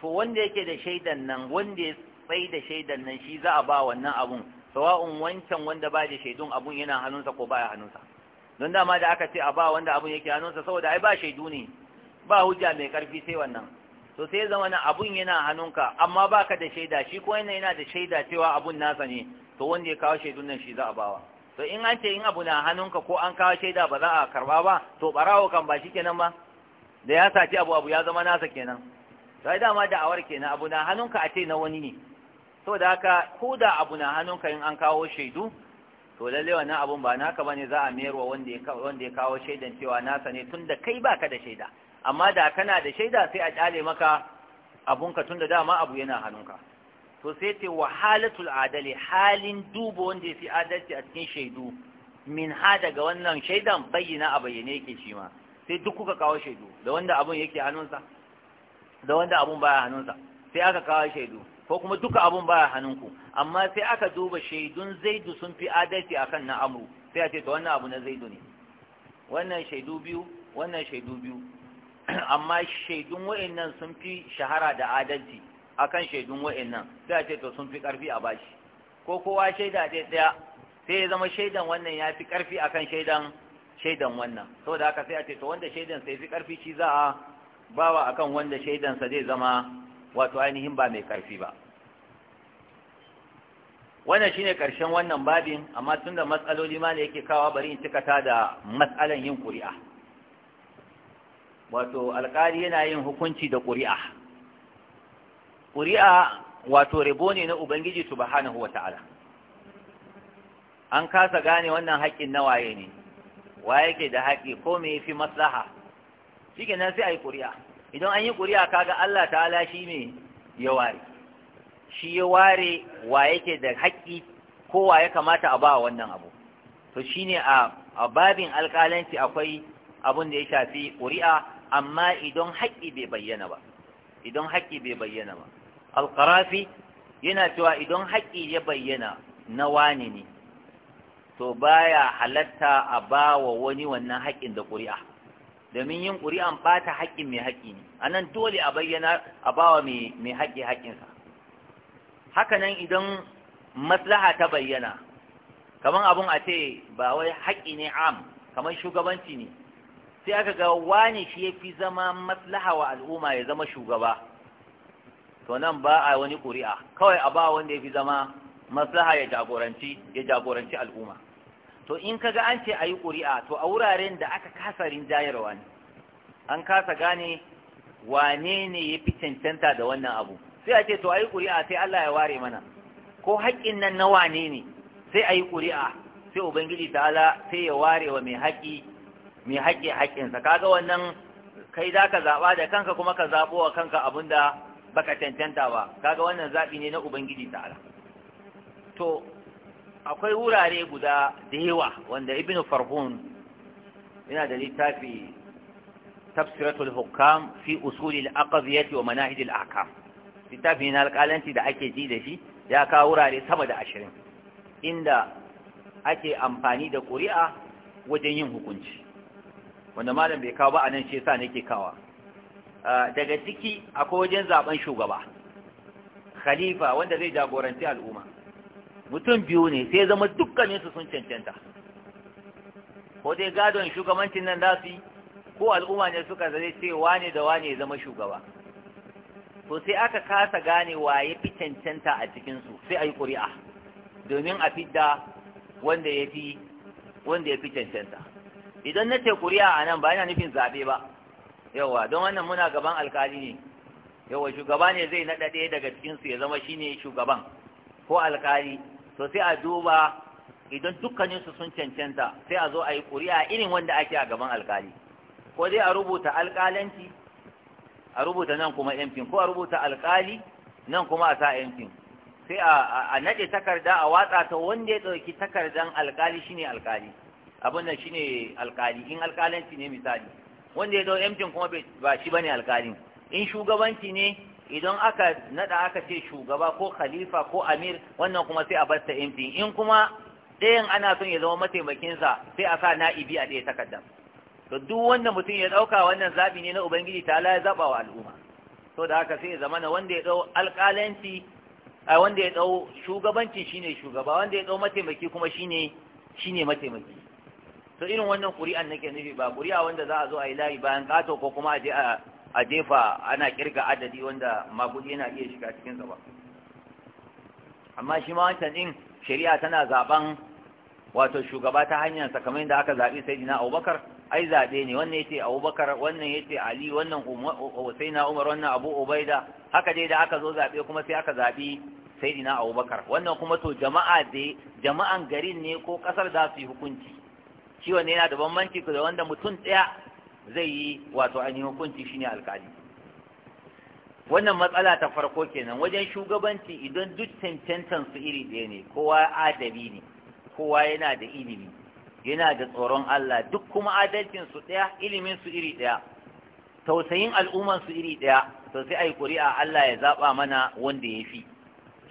to wanda yake da shaidan nan wanda ya tsai da shaidan nan shi za a ba wannan abun sawa'un wancan wanda ba da shaidun abun yana hannunsa ko baya hannunsa don dama da aka ce a ba wanda abun yake hannunsa saboda ai ba shaidu ne ba hujja mai karfi sai wannan to sai ya zama na abun yana hannunka amma ba ka da shaida shi ko yana yana da shaida cewa abun nasa ne to wanda ya kawo shaidun nan shi za a bawa to in an ce in abu na hannunka ko an kawo shaida ba za a karba ba to barawo kan ba shi kenan ba da ya saci abu abu ya zama nasa kenan to ai dama awar kenan abu na hannunka a ce na wani ne saboda haka ko da abu na hannunka in an kawo shaidu to lalle wannan abun ba naka bane za a mayarwa wanda ya wanda ya kawo shaidan cewa nasa ne tunda kai baka da shaida amma da kana da shaida sai a kyale maka abunka tunda dama abu yana hannunka to sai ce wahalatul adali halin duba wanda ya fi adalci a cikin shaidu min ha daga wannan shaidan bayyana a bayyane yake shi ma sai duk kuka kawo shaidu da wanda abun yake hannunsa da wanda abun baya hannunsa sai aka kawo shaidu ko kuma duka abun ba hannunku amma sai aka duba shaidun zaidu sun fi adalci akan na amru sai a ce ta wannan abu na zaidu ne wannan shaidu biyu wannan shaidu biyu amma shaidun wa'annan sun fi shahara da adalci akan shaidun wa'annan sai a ce to sun fi karfi a bashi ko kowa shaida ɗaya ɗaya sai ya zama shaidan wannan ya fi karfi akan shaidan shaidan wannan saboda haka sai a ce to wanda shaidan sai fi karfi shi za a bawa akan wanda shaidansa zai zama wato ainihin ba mai ƙarfi ba wannan shine ƙarshen wannan babin amma tunda matsaloli ma ne yake kawa bari in cika da matsalan yin ƙuri'a wato alƙali yana yin hukunci da ƙuri'a ƙuri'a wato rabo ne na ubangiji subhanahu wata'ala an kasa gane wannan haƙƙin na waye ne waye ke da haƙƙi ko me yafi maslaha shikenan sai ayi ƙuri'a idan an yi ƙuri'a kaga Allah ta'ala shi ne ya ware shi ya ware wa yake da haƙƙi ko wa ya kamata a ba wannan abu to shi ne a babin alƙalanci akwai abin da ya shafi ƙuri'a amma idan haƙƙi bai bayyana ba idan haƙƙi bai bayyana ba alƙarafi yana cewa idan haƙƙi ya bayyana na wani ne to baya halatta a ba wa wani wannan haƙƙin da ƙuri'a domin yin ƙuri'an ɓata haƙƙin mai haƙƙi ne a nan dole a bayyana a bawa mai haƙƙi haƙƙinsa haka nan idan maslaha ta bayyana kamar abin a ce ba wai haƙƙi ne am kamar shugabanci ne sai aka ga wani shi ya fi zama maslaha wa al'umma ya zama shugaba to nan ba a wani ƙuri'a kawai a ba wanda ya fi zama maslaha ya jagoranci ya jagoranci al'umma to in kaga an ce ayi ƙuri'a to a wuraren da aka kasa rinjayarwa ne an kasa gane wane ne ya fi cancanta da wannan abu sai a ce to ayi ƙuri'a sai Allah ya ware mana ko haƙƙin nan na wane ne sai ayi ƙuri'a sai ubangiji ta'ala sai ya ware wa mai haƙƙi mai haƙƙi haƙƙinsa kaga wannan kai za ka zaɓa da kanka kuma ka zaɓo wa kanka abin da baka cancanta ba kaga wannan zaɓi ne na ubangiji ta'ala to akwai wurare guda da yawa wanda ibn farhun yana da littafi tafsiratul hukam fi usuli al-aqdiyati wa manahij al-ahkam littafi na alƙalanci da ake ji da shi ya kawo wurare sama da ashirin inda ake amfani da ƙuri'a wajen yin hukunci wanda malam bai kawo ba a nan shi yasa nake kawa daga ciki akwai wajen zaben shugaba khalifa wanda zai jagoranci al'umma mutum biyu ne sai zama dukkaninsu sun cancanta ko dai gadon shugabancin nan da su ko al'umma ne suka zare ce wane da wane ya zama shugaba to sai aka kasa gane waye fi cancanta a cikinsu sai ayi ƙuri'a domin a fidda wanda ya fi wanda ya fi cancanta idan na ce ƙuri'a a nan ba yana nufin zaɓe ba yawa don wannan muna gaban alkali ne yawa shugaba ne zai naɗa ɗaya daga cikinsu ya zama shine shugaban ko alkali to sai a duba idan dukkaninsu sun cancanta sai a zo a yi ƙuri'a irin wanda ake a gaban alkali ko dai a rubuta alkalanci a rubuta nan kuma yankin ko a rubuta alkali nan kuma a sa yankin sai a naɗe takarda a watsa ta wanda ya ɗauki takardan alkali shine alkali abin nan shine alkali in alkalanci ne misali wanda ya ɗau yankin kuma ba shi bane alkalin in shugabanci ne idan aka nada aka ce shugaba ko khalifa ko amir wannan kuma sai a basta MP in kuma ɗayan ana son ya zama mataimakinsa sai a sa na'ibi a ɗaya takaddam to duk wanda mutum ya ɗauka wannan zabi ne na ubangiji ta ya zaba wa al'umma to da haka sai ya zama na wanda ya dau alƙalanci a wanda ya dau shugabanci shine shugaba wanda ya dau mataimaki kuma shine shine mataimaki to irin wannan ƙuri'an nake nufi ba ƙuri'a wanda za a zo a yi layi bayan kato ko kuma a je a a jefa ana kirga adadi wanda magudi yana iya shiga cikin ba amma shi ma wancan din shari'a tana zaben wato shugaba ta hanyar kamar da aka zaɓi sai dina abubakar ai zaɓe ne wannan yace abubakar wannan yace ali wannan na umar wannan abu ubaida haka dai da aka zo zaɓe kuma sai aka zaɓi sai dina abubakar wannan kuma to jama'a da jama'an garin ne ko ƙasar za su yi hukunci shi wanne yana da bambanci da wanda mutum ɗaya zai yi wato ainihin hukunci shine alkali wannan matsala ta farko kenan wajen shugabanci idan duk cancantan su iri ɗaya ne kowa adabi ne kowa yana da ilimi yana da tsoron Allah duk kuma adalcin su ɗaya ilimin su iri ɗaya tausayin al'umman su iri ɗaya to sai ai kuri'a Allah ya zaɓa mana wanda ya fi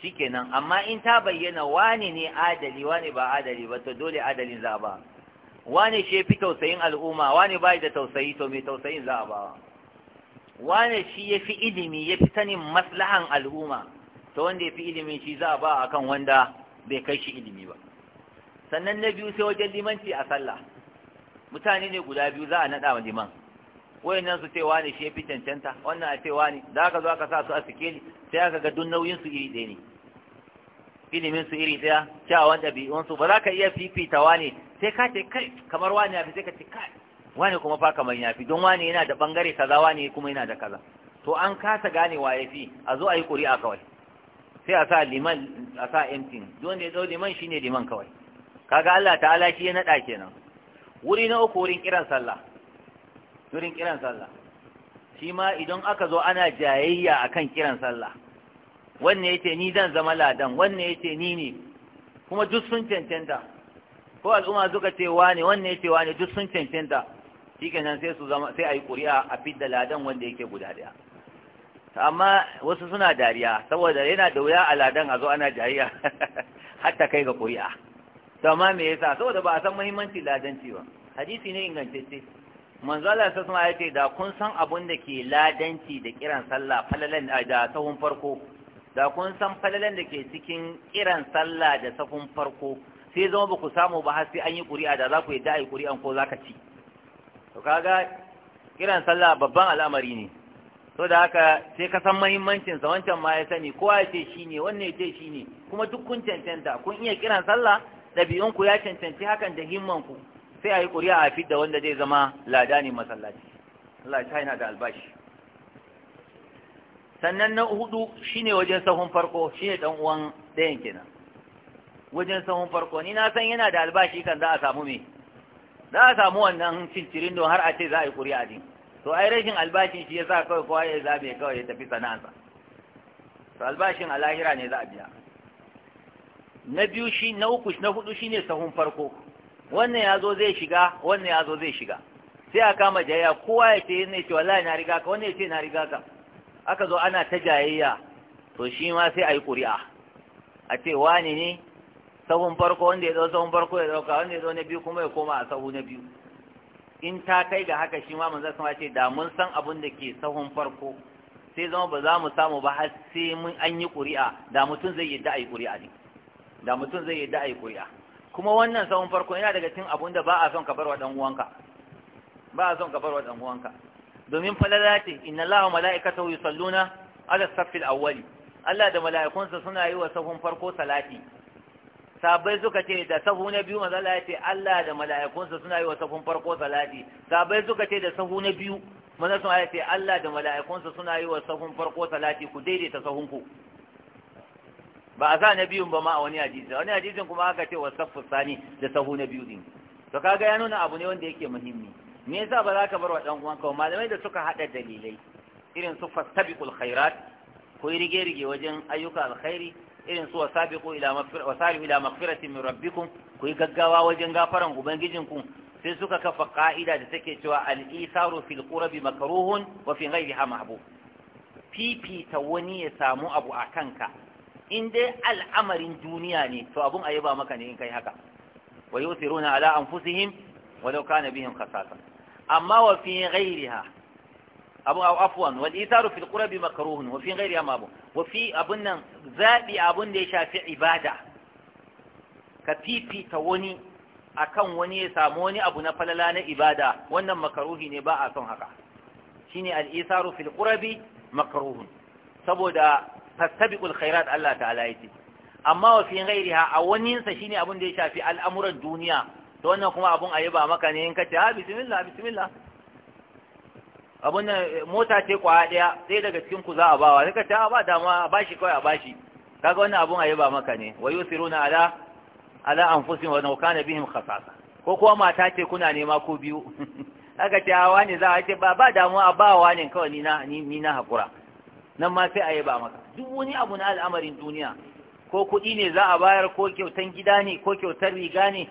shikenan amma in ta bayyana wane ne adali wane ba adali ba to dole adalin za ba wane shi fi tausayin al'umma wane bai da tausayi to mai tausayin za a bawa wane shi ya fi ilimi ya fi sanin maslahan al'umma to wanda ya fi ilimi shi za a ba a kan wanda bai kai shi ilimi ba sannan na biyu sai wajen limanci a sallah mutane ne guda biyu za a naɗa wa liman wayannan su ce wane shi ya fi cancanta wannan a ce wane za ka zo aka sa su a sikeli sai aka ga duk nauyin su iri ɗaya ne ilimin su iri ɗaya bi wansu ba za ka iya fifita wane sai ka ce kai kamar wani yafi sai ka ce kai wani kuma fa kamar yafi don wani yana da bangare kaza wani kuma yana da kaza to an kasa gane ganewa yafi a zo a yi ƙuri'a kawai sai a sa liman a sa emtin don da ya liman shine liman kawai kaga Allah ta'ala shi ya nada kenan wuri na uku wurin kiran sallah wurin kiran sallah shi ma idan aka zo ana jayayya akan kiran sallah wanne yace ni zan zama ladan wanne yace ni ne kuma duk sun cancanta ko al'umma suka ce wane wanne ya ce wane duk sun cancanta shikenan sai su zama sai yi ƙuri'a a fidda ladan wanda yake guda daya amma wasu suna dariya saboda yana da wuya a ladan a zo ana jariya hatta kai ga ƙuri'a to amma me yasa saboda ba a san muhimmanci ladanci ba hadisi ne ingantacce manzo Allah sai kuma yace da kun san abun da ke ladanci da kiran sallah falalan da sahun farko da kun san falalan da ke cikin kiran sallah da sahun farko sai zama ba ku samu ba har sai an yi ƙuri'a da za ku yi a yi ƙuri'an ko za ka ci to kaga kiran sallah babban al'amari ne to da haka sai ka san mahimmancinsa wancan ma ya sani kowa ya ce shi ne wannan ya ce shi ne kuma duk kun cancanta kun iya kiran sallah ɗabi'unku ya cancanci hakan da ku sai a yi ƙuri'a a fidda wanda zai zama ladani masallaci Allah ya yana da albashi sannan na hudu shine wajen sahun farko shine dan uwan ɗayan kenan wajen sahun farko ni na san yana da albashi kan za a samu me za a samu wannan cincirin don har a ce za a yi ƙuri'a din to ai rashin albashi shi yasa kawai kowa ya zabe kawai ya tafi sana'ansa to albashin a lahira ne za a biya na biyu shi na uku na hudu ne sahun farko wannan ya zo zai shiga wannan ya zo zai shiga sai a kama jayya kowa ya ce ne ce wallahi na riga ka wannan ya ce na riga ka aka zo ana ta jayayya to shi ma sai a yi ƙuri'a a ce wani ne sahun farko wanda ya zo sahun farko ya dauka wanda ya zo na biyu kuma ya koma a sahu na biyu in ta kai ga haka shi ma manzo sama ce da mun san abin da ke sahun farko sai zama ba za mu samu ba har sai mun an yi ƙuri'a da mutum zai yadda a yi ƙuri'a ne da mutum zai yadda a yi ƙuri'a kuma wannan sahun farko yana daga cikin abin da ba a son ka bar wa ɗan uwanka ba a son ka bar wa ɗan uwanka domin falala ce inna allaha mala'ikatahu yusalluna ala safil awwali Allah da mala'ikunsa suna yi wa sahun farko salati sabai suka ce da sahu na biyu manzo ya ce Allah da mala'ikunsa suna yi wa sahun farko salati sabai suka ce da sahu na biyu manzo sun ya ce Allah da mala'ikunsa suna yi wa sahun farko salati ku daidaita sahun ku ba a sa na biyun ba ma a wani hadisi wani hadisin kuma aka ce wa safu sani da sahu na biyu din to kaga ya nuna abu ne wanda yake muhimmi me yasa ba za ka bar wa dan uwanka malamai da suka hada dalilai irin su fastabiqul khairat ko rige-rige wajen ayyuka alkhairi irin su wasabiqu ila maghfirati wasari'u ila maghfirati min rabbikum ku yi gaggawa wajen gafaran ubangijinku sai suka kafa ka'ida da take cewa al-isaru fil qurbi makruhun wa fi ghayriha mahbub fifita wani ya samu abu a kanka in dai al'amarin duniya ne to abun a yaba maka ne in kai haka wa yusiruna ala anfusihim walau kana bihim khasasa amma wa fi ghayriha abu afuwan, wal itharu fil qurbi makruhun Wafi fi gairiya mabu wa fi abun nan zaɓi abun da ya shafi ibada ka fifita wani akan wani ya samu wani abu na falala na ibada wannan makaruhi ne ba a son haka shine al itharu fil qurbi makruhun saboda fastabiqul khairat Allah ta'ala ya yake amma wafi fi ghairiha a waninsa ne abun da ya shafi al'amuran duniya to wannan kuma abun a yi ba maka ne in ka ce ha ah, bismillah bismillah abin eh, mota ce kwa daya sai daga cikin ku za a bawa suka ce a ba dama a bashi kawai a bashi kaga wannan abun a ba maka ne wa yusiruna ala ala anfusihim wa law kana bihim khasasa ko kuwa mata ce kuna nema ko biyu aka ce wa ne za a ce ba ba damu a ba wa ne kawai ni na ni na hakura nan ma sai a yi ba maka duk wani abu na al'amarin duniya ko kuɗi ne za a bayar ko kyautan gida ne ko kyautar riga ne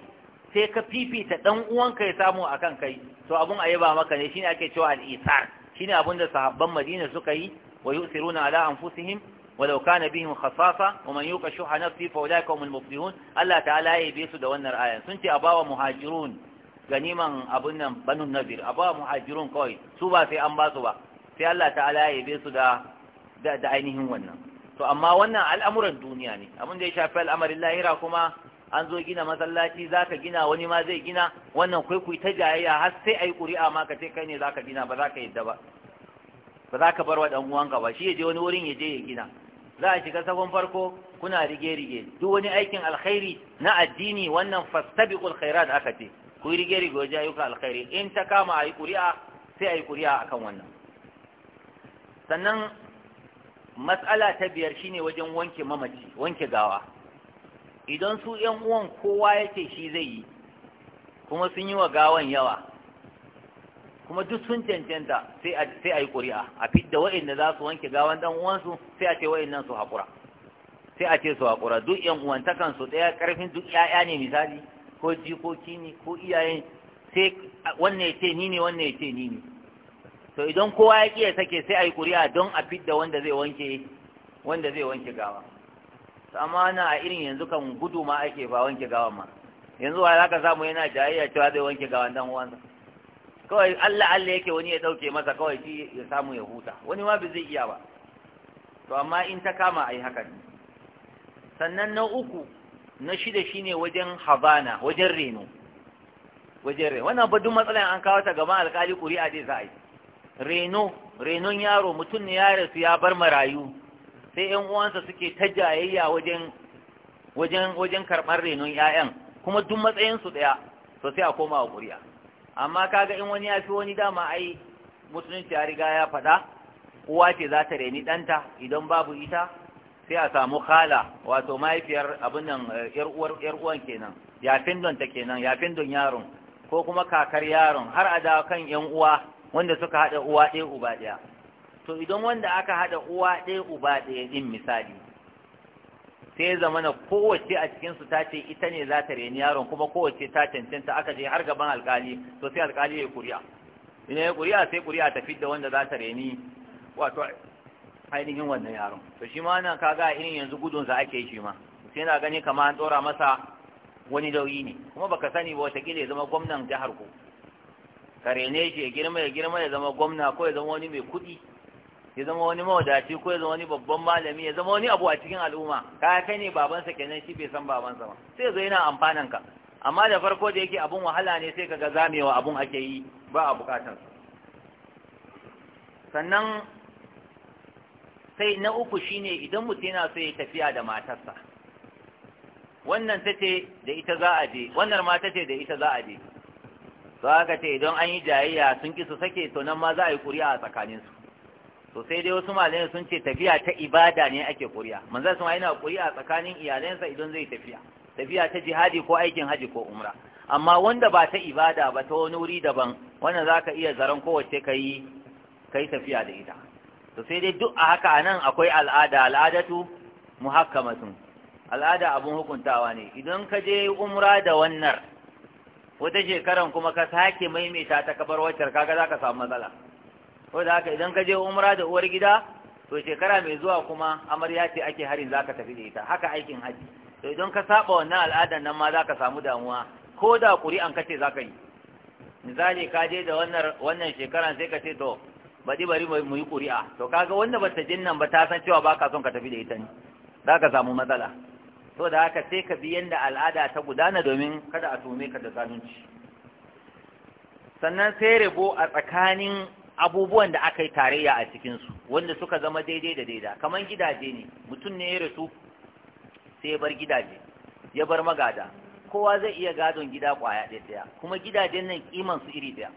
sai ka fifita ɗan uwanka ya samu akan kai to abin a yaba maka ne shine ake cewa al-isar shine abin da sahabban Madina suka yi wa yusiruna ala anfusihim walau kana bihim khasasa wa man yuqa shuha nafsi fa ulaika humul muflihun Allah ta'ala ya yabe su da wannan ayan sun ce abawa muhajirun ganiman abun nan banu nadir abawa muhajirun kawai su ba sai an ba su ba sai Allah ta'ala ya yabe su da da ainihin wannan to amma wannan al'amuran duniya ne abin da ya shafi al'amarin lahira kuma an zo gina masallaci za ka gina wani ma zai gina wannan kwaikwai ta jayayya har sai ayi ƙuri'a ma ka ce kai ne za ka gina ba za ka yadda ba ba za ka bar wa ɗan uwanka ba shi ya wani wurin ya je ya gina za a shiga safon farko kuna rige-rige duk wani aikin alkhairi na addini wannan fastabiqul khairat aka ce ku rige-rige wajen ayyukan alkhairi in ta kama yi ƙuri'a sai ayi ƙuri'a akan wannan sannan mas'ala ta biyar shine wajen wanke mamaci wanke gawa idan su ‘yan uwan kowa ya ce shi zai yi kuma sun yi wa gawan yawa kuma duk sun cancanta sai a yi ƙuri'a a fidda wa'inda za su wanke gawan ɗan uwansu sai a ce wa'innan su haƙura sai a ce su haƙura duk ‘yan kan su ɗaya ƙarfin duk ‘ya'ya ne misali ko jikoki ne ko iyayen sai wannan ya ce ni ne wannan ya ce ni ne to idan kowa ya ƙiya sake sai a yi ƙuri'a don a fidda wanda zai wanke wanda zai wanke gawa amma a irin yanzu kan gudu ma ake ba wanke gawan ma yanzu wa za ka samu yana jayayya cewa zai wanke gawan dan uwansa kawai Allah Allah yake wani ya dauke masa kawai shi ya samu ya huta wani ma bai zai iya ba to amma in ta kama ai hakan sannan na uku na shida shine wajen habana wajen reno wajen reno wannan ba duk matsalan an kawo ta gaban alkali kuri'a dai za a yi reno renon yaro mutum ne ya rasu ya bar marayu sai ‘yan uwansa suke ta jayayya wajen karɓar renon ‘ya'yan kuma duk matsayinsu ɗaya to sai a koma wa ƙuri'a amma kaga in wani ya fi wani dama ai musulunci ya riga ya faɗa uwa ce za ta reni ɗanta idan babu ita sai a samu kala. wato mahaifiyar abin nan ‘yar eh, uwan kenan fin don ta kenan fin don yaron ko kuma kakar yaron har a da kan ‘yan uwa wanda suka haɗa uwa ɗaya uba ɗaya to idan wanda aka haɗa uwa ɗaya uba ɗaya ɗin misali sai ya zamana kowace a cikinsu ta ce ita ne za ta reni yaron kuma kowace ta cancanta aka je har gaban alkali to sai alkali ya kuri'a ina ya kuri'a sai kuri'a ta fidda wanda za ta reni wato ainihin wannan yaron to shi ma nan kaga irin yanzu gudunsa ake shi ma sai na gani kama an ɗora masa wani dauyi ne kuma baka sani ba watakila ya zama gwamnan jihar ku ka rene shi ya girma ya girma ya zama gwamna ko ya zama wani mai kuɗi ya zama wani mawadaci ko ya zama wani babban malami ya zama wani abu a cikin al'umma ka kai ne babansa kenan shi bai san babansa ba sai zo yana amfanan ka amma da farko da yake abun wahala ne sai kaga zamewa abun ake yi ba a bukatan sannan sai na uku shine idan mutum yana so ya tafiya da matarsa wannan tace da ita za a je wannan ma ce da ita za a je to haka ce idan an yi jayayya sun ki su sake to nan ma za a yi ƙuri'a a tsakaninsu to sai dai wasu malamai sun ce tafiya ta ibada ne ake kuriya manzo sun yana kuriya tsakanin iyalansa idan zai tafiya tafiya ta jihadi ko aikin haji ko umra amma wanda ba ta ibada ba ta wani wuri daban wannan zaka iya zaran kowace kai kai tafiya da ita to sai dai duk a haka anan akwai al'ada al'adatu muhakkamatun al'ada abun hukuntawa ne idan ka je umra da wannan wata shekaran kuma ka sake maimaita ta kabar wacce kaga zaka samu matsala da haka idan ka je umra da uwar gida to shekara mai zuwa kuma amarya ce ake harin zaka tafi da ita haka aikin haji to idan ka saba wannan al'adar nan ma ka samu damuwa ko da ƙuri'an kace zaka yi misali ka je da wannan wannan shekara sai ka ce to bari bari mu yi ƙuri'a to kaga wanda bata jin nan ba ta san cewa baka son ka tafi da ita ne zaka samu matsala to da haka sai ka bi yanda al'ada ta gudana domin kada a tume ka da zalunci sannan sai rabo a tsakanin abubuwan da aka yi tarayya a cikinsu wanda suka zama daidai da daida kamar gidaje ne mutum ne ya rasu sai ya bar gidaje ya bar magada kowa zai iya gadon gida kwaya ɗaya kuma gidajen nan kiman su iri ɗaya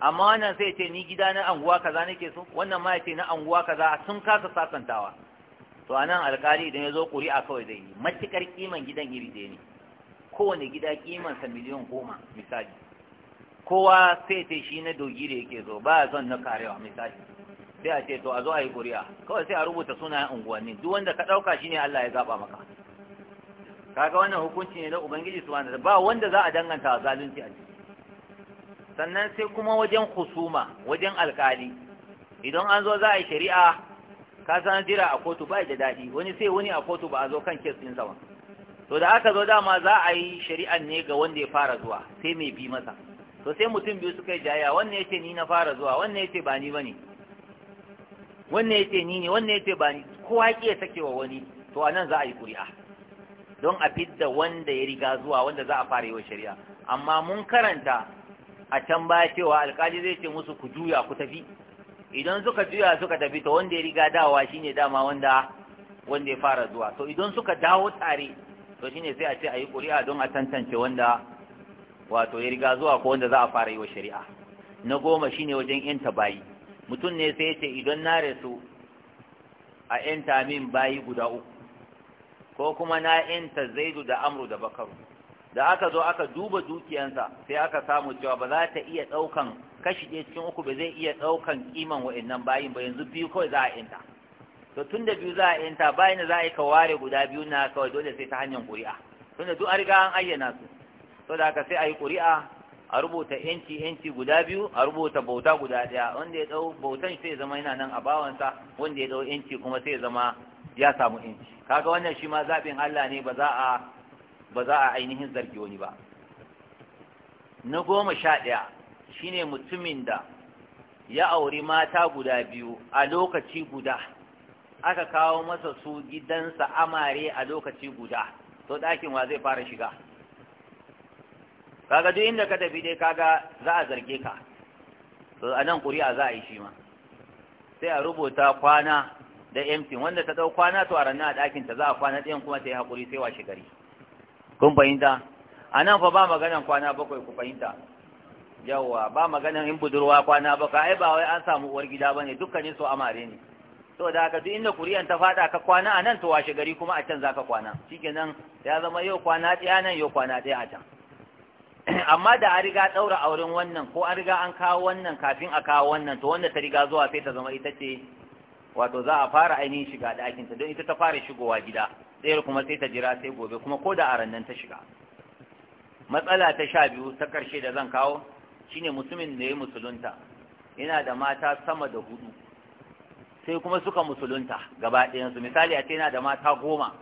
amma wannan sai ce ni gida na anguwa kaza nake so wannan ma ce na anguwa kaza sun kasa sasantawa to anan alkali idan ya zo ƙuri'a kawai zai yi matukar kiman gidan iri ɗaya ne kowane gida kiman sa miliyan goma misali kowa sai ta shi na dogi da yake zo ba son na karewa misali sai a ce to a zo a yi ƙuri'a kawai sai a rubuta sunayen unguwanni duk wanda ka ɗauka shi ne Allah ya zaɓa maka kaga wannan hukunci ne na ubangiji su wanda ba wanda za a danganta zalunci a ciki sannan sai kuma wajen husuma wajen alkali idan an zo za a yi shari'a ka san jira a kotu ba da daɗi wani sai wani a kotu ba a zo kan kes ɗin sama to da aka zo dama za a yi shari'an ne ga wanda ya fara zuwa sai mai bi masa to sai mutum biyu suka yi jaya wannan ce ni na fara zuwa wannan ce ba ni bane wannan ce ni ne wannan ce ba ni kowa ya sakewa wani to anan za a yi ƙuri'a don a fidda wanda ya riga zuwa wanda za a fara yi wa shari'a amma mun karanta a can baya cewa alƙali zai ce musu ku juya ku tafi idan suka juya suka tafi to wanda ya riga dawowa shine dama wanda wanda ya fara zuwa to idan suka dawo tare to shine sai a ce a yi ƙuri'a don a tantance wanda wato ya riga zuwa ko wanda za a fara yi wa shari'a na goma shine wajen yanta bayi mutum ne sai ce idan na rasu a yanta min bayi guda uku ko kuma na yanta zaidu da amru da bakaru da aka zo aka duba dukiyansa sai aka samu cewa ba za ta iya ɗaukan kashi ɗaya cikin uku ba zai iya ɗaukan kiman wa'annan bayin ba yanzu biyu kawai za a yanta to tun da biyu za a yanta bayin da za a yi ka ware guda biyu na kawai dole sai ta hanyar ƙuri'a tun da duk an riga an ayyana su so da haka sai a yi ƙuri'a a rubuta yanci yanci guda biyu a rubuta bauta guda ɗaya wanda ya ɗau bautan sai zama yana nan a bawansa wanda ya ɗau yanci kuma sai zama ya samu yanci kaga wannan shi ma zaɓin Allah ne ba za a ba za a ainihin zargi wani ba na goma sha ɗaya shine mutumin da ya auri mata guda biyu a lokaci guda aka kawo masa su gidansa amare a lokaci guda to ɗakin wa zai fara shiga kaga duk inda ka tafi dai kaga za a zarge ka to a nan ƙuri'a za a yi shi ma sai a rubuta kwana da emtin wanda ta ɗau kwana to a ranar a ta, za a kwana ɗayan kuma ta yi haƙuri sai washe gari kun fahimta a nan fa ba maganan kwana bakwai ku fahimta yawa ba maganan in budurwa kwana bakwai ai ba wai an samu uwar gida bane dukkanin su amare ne to da haka duk inda kuriyan ta fada ka kwana a nan to washe gari kuma a can zaka kwana shikenan ya zama yau kwana ɗaya nan yau kwana ɗaya a can amma da an riga ɗaura auren wannan ko an riga an kawo wannan kafin a kawo wannan to wanda ta riga zuwa sai ta zama ita ce wato za a fara ainihin shiga ɗakinta don ita ta fara shigowa gida ɗaya kuma sai ta jira sai gobe kuma ko da a rannan ta shiga matsala ta sha biyu ta ƙarshe da zan kawo shine mutumin da ya musulunta yana da mata sama da hudu sai kuma suka musulunta gaba ɗayansu misali a ce yana da mata goma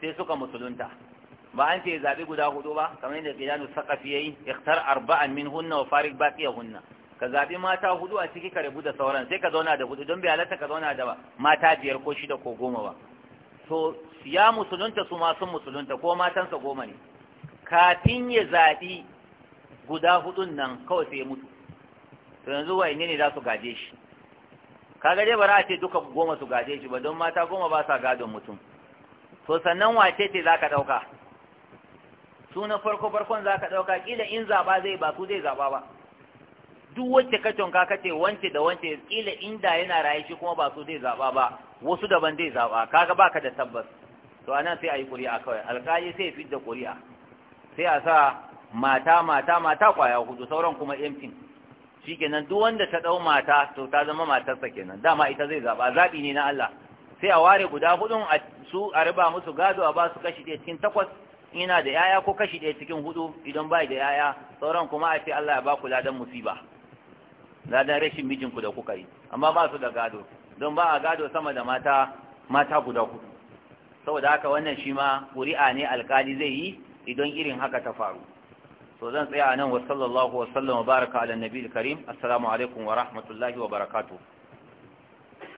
sai suka musulunta ba an ce zaɓi guda hudu ba kamar yadda gidanu sakafi yayi ikhtar arba'an min hunna wa farik baqiya hunna ka zaɓi mata hudu a ciki ka rabu da sauran sai ka zauna da hudu don bai halatta ka zauna da mata biyar ko shida ko goma ba to ya musulunta su ma sun musulunta ko matansa goma ne kafin ya zaɓi guda hudun nan kawai sai ya mutu to yanzu wa ne za su gaje shi kaga dai za a ce duka goma su gaje shi ba don mata goma ba sa gadon mutum to sannan wace ce za ka ɗauka su na farko farkon za ka ɗauka ƙila in zaɓa zai ba su zai zaɓa ba duk wacce ka tonka ka ce wance da wance ƙila inda yana raye shi kuma ba su zai zaɓa ba wasu daban zai zaɓa kaga baka da tabbas to anan sai a yi ƙuri'a kawai alƙali sai ya fidda ƙuri'a sai a sa mata mata mata ƙwaya hudu sauran kuma emtin shi kenan duk wanda ta ɗau mata to ta zama matarsa kenan dama ita zai zaɓa zaɓi ne na Allah sai a ware guda hudun a su a riba musu gado a ba su kashi ɗaya cikin takwas ina da yaya ko kashi ɗaya cikin hudu idan bai da yaya sauran kuma a ce Allah ya ba ku ladan musiba ladan rashin mijinku da kuka yi amma ba su da gado don ba a gado sama da mata mata guda hudu saboda haka wannan shi ma ƙuri'a ne alƙali zai yi idan irin haka ta faru to zan tsaya a nan wa sallallahu wa sallam wa baraka ala nabiyil karim assalamu alaikum wa rahmatullahi wa barakatuh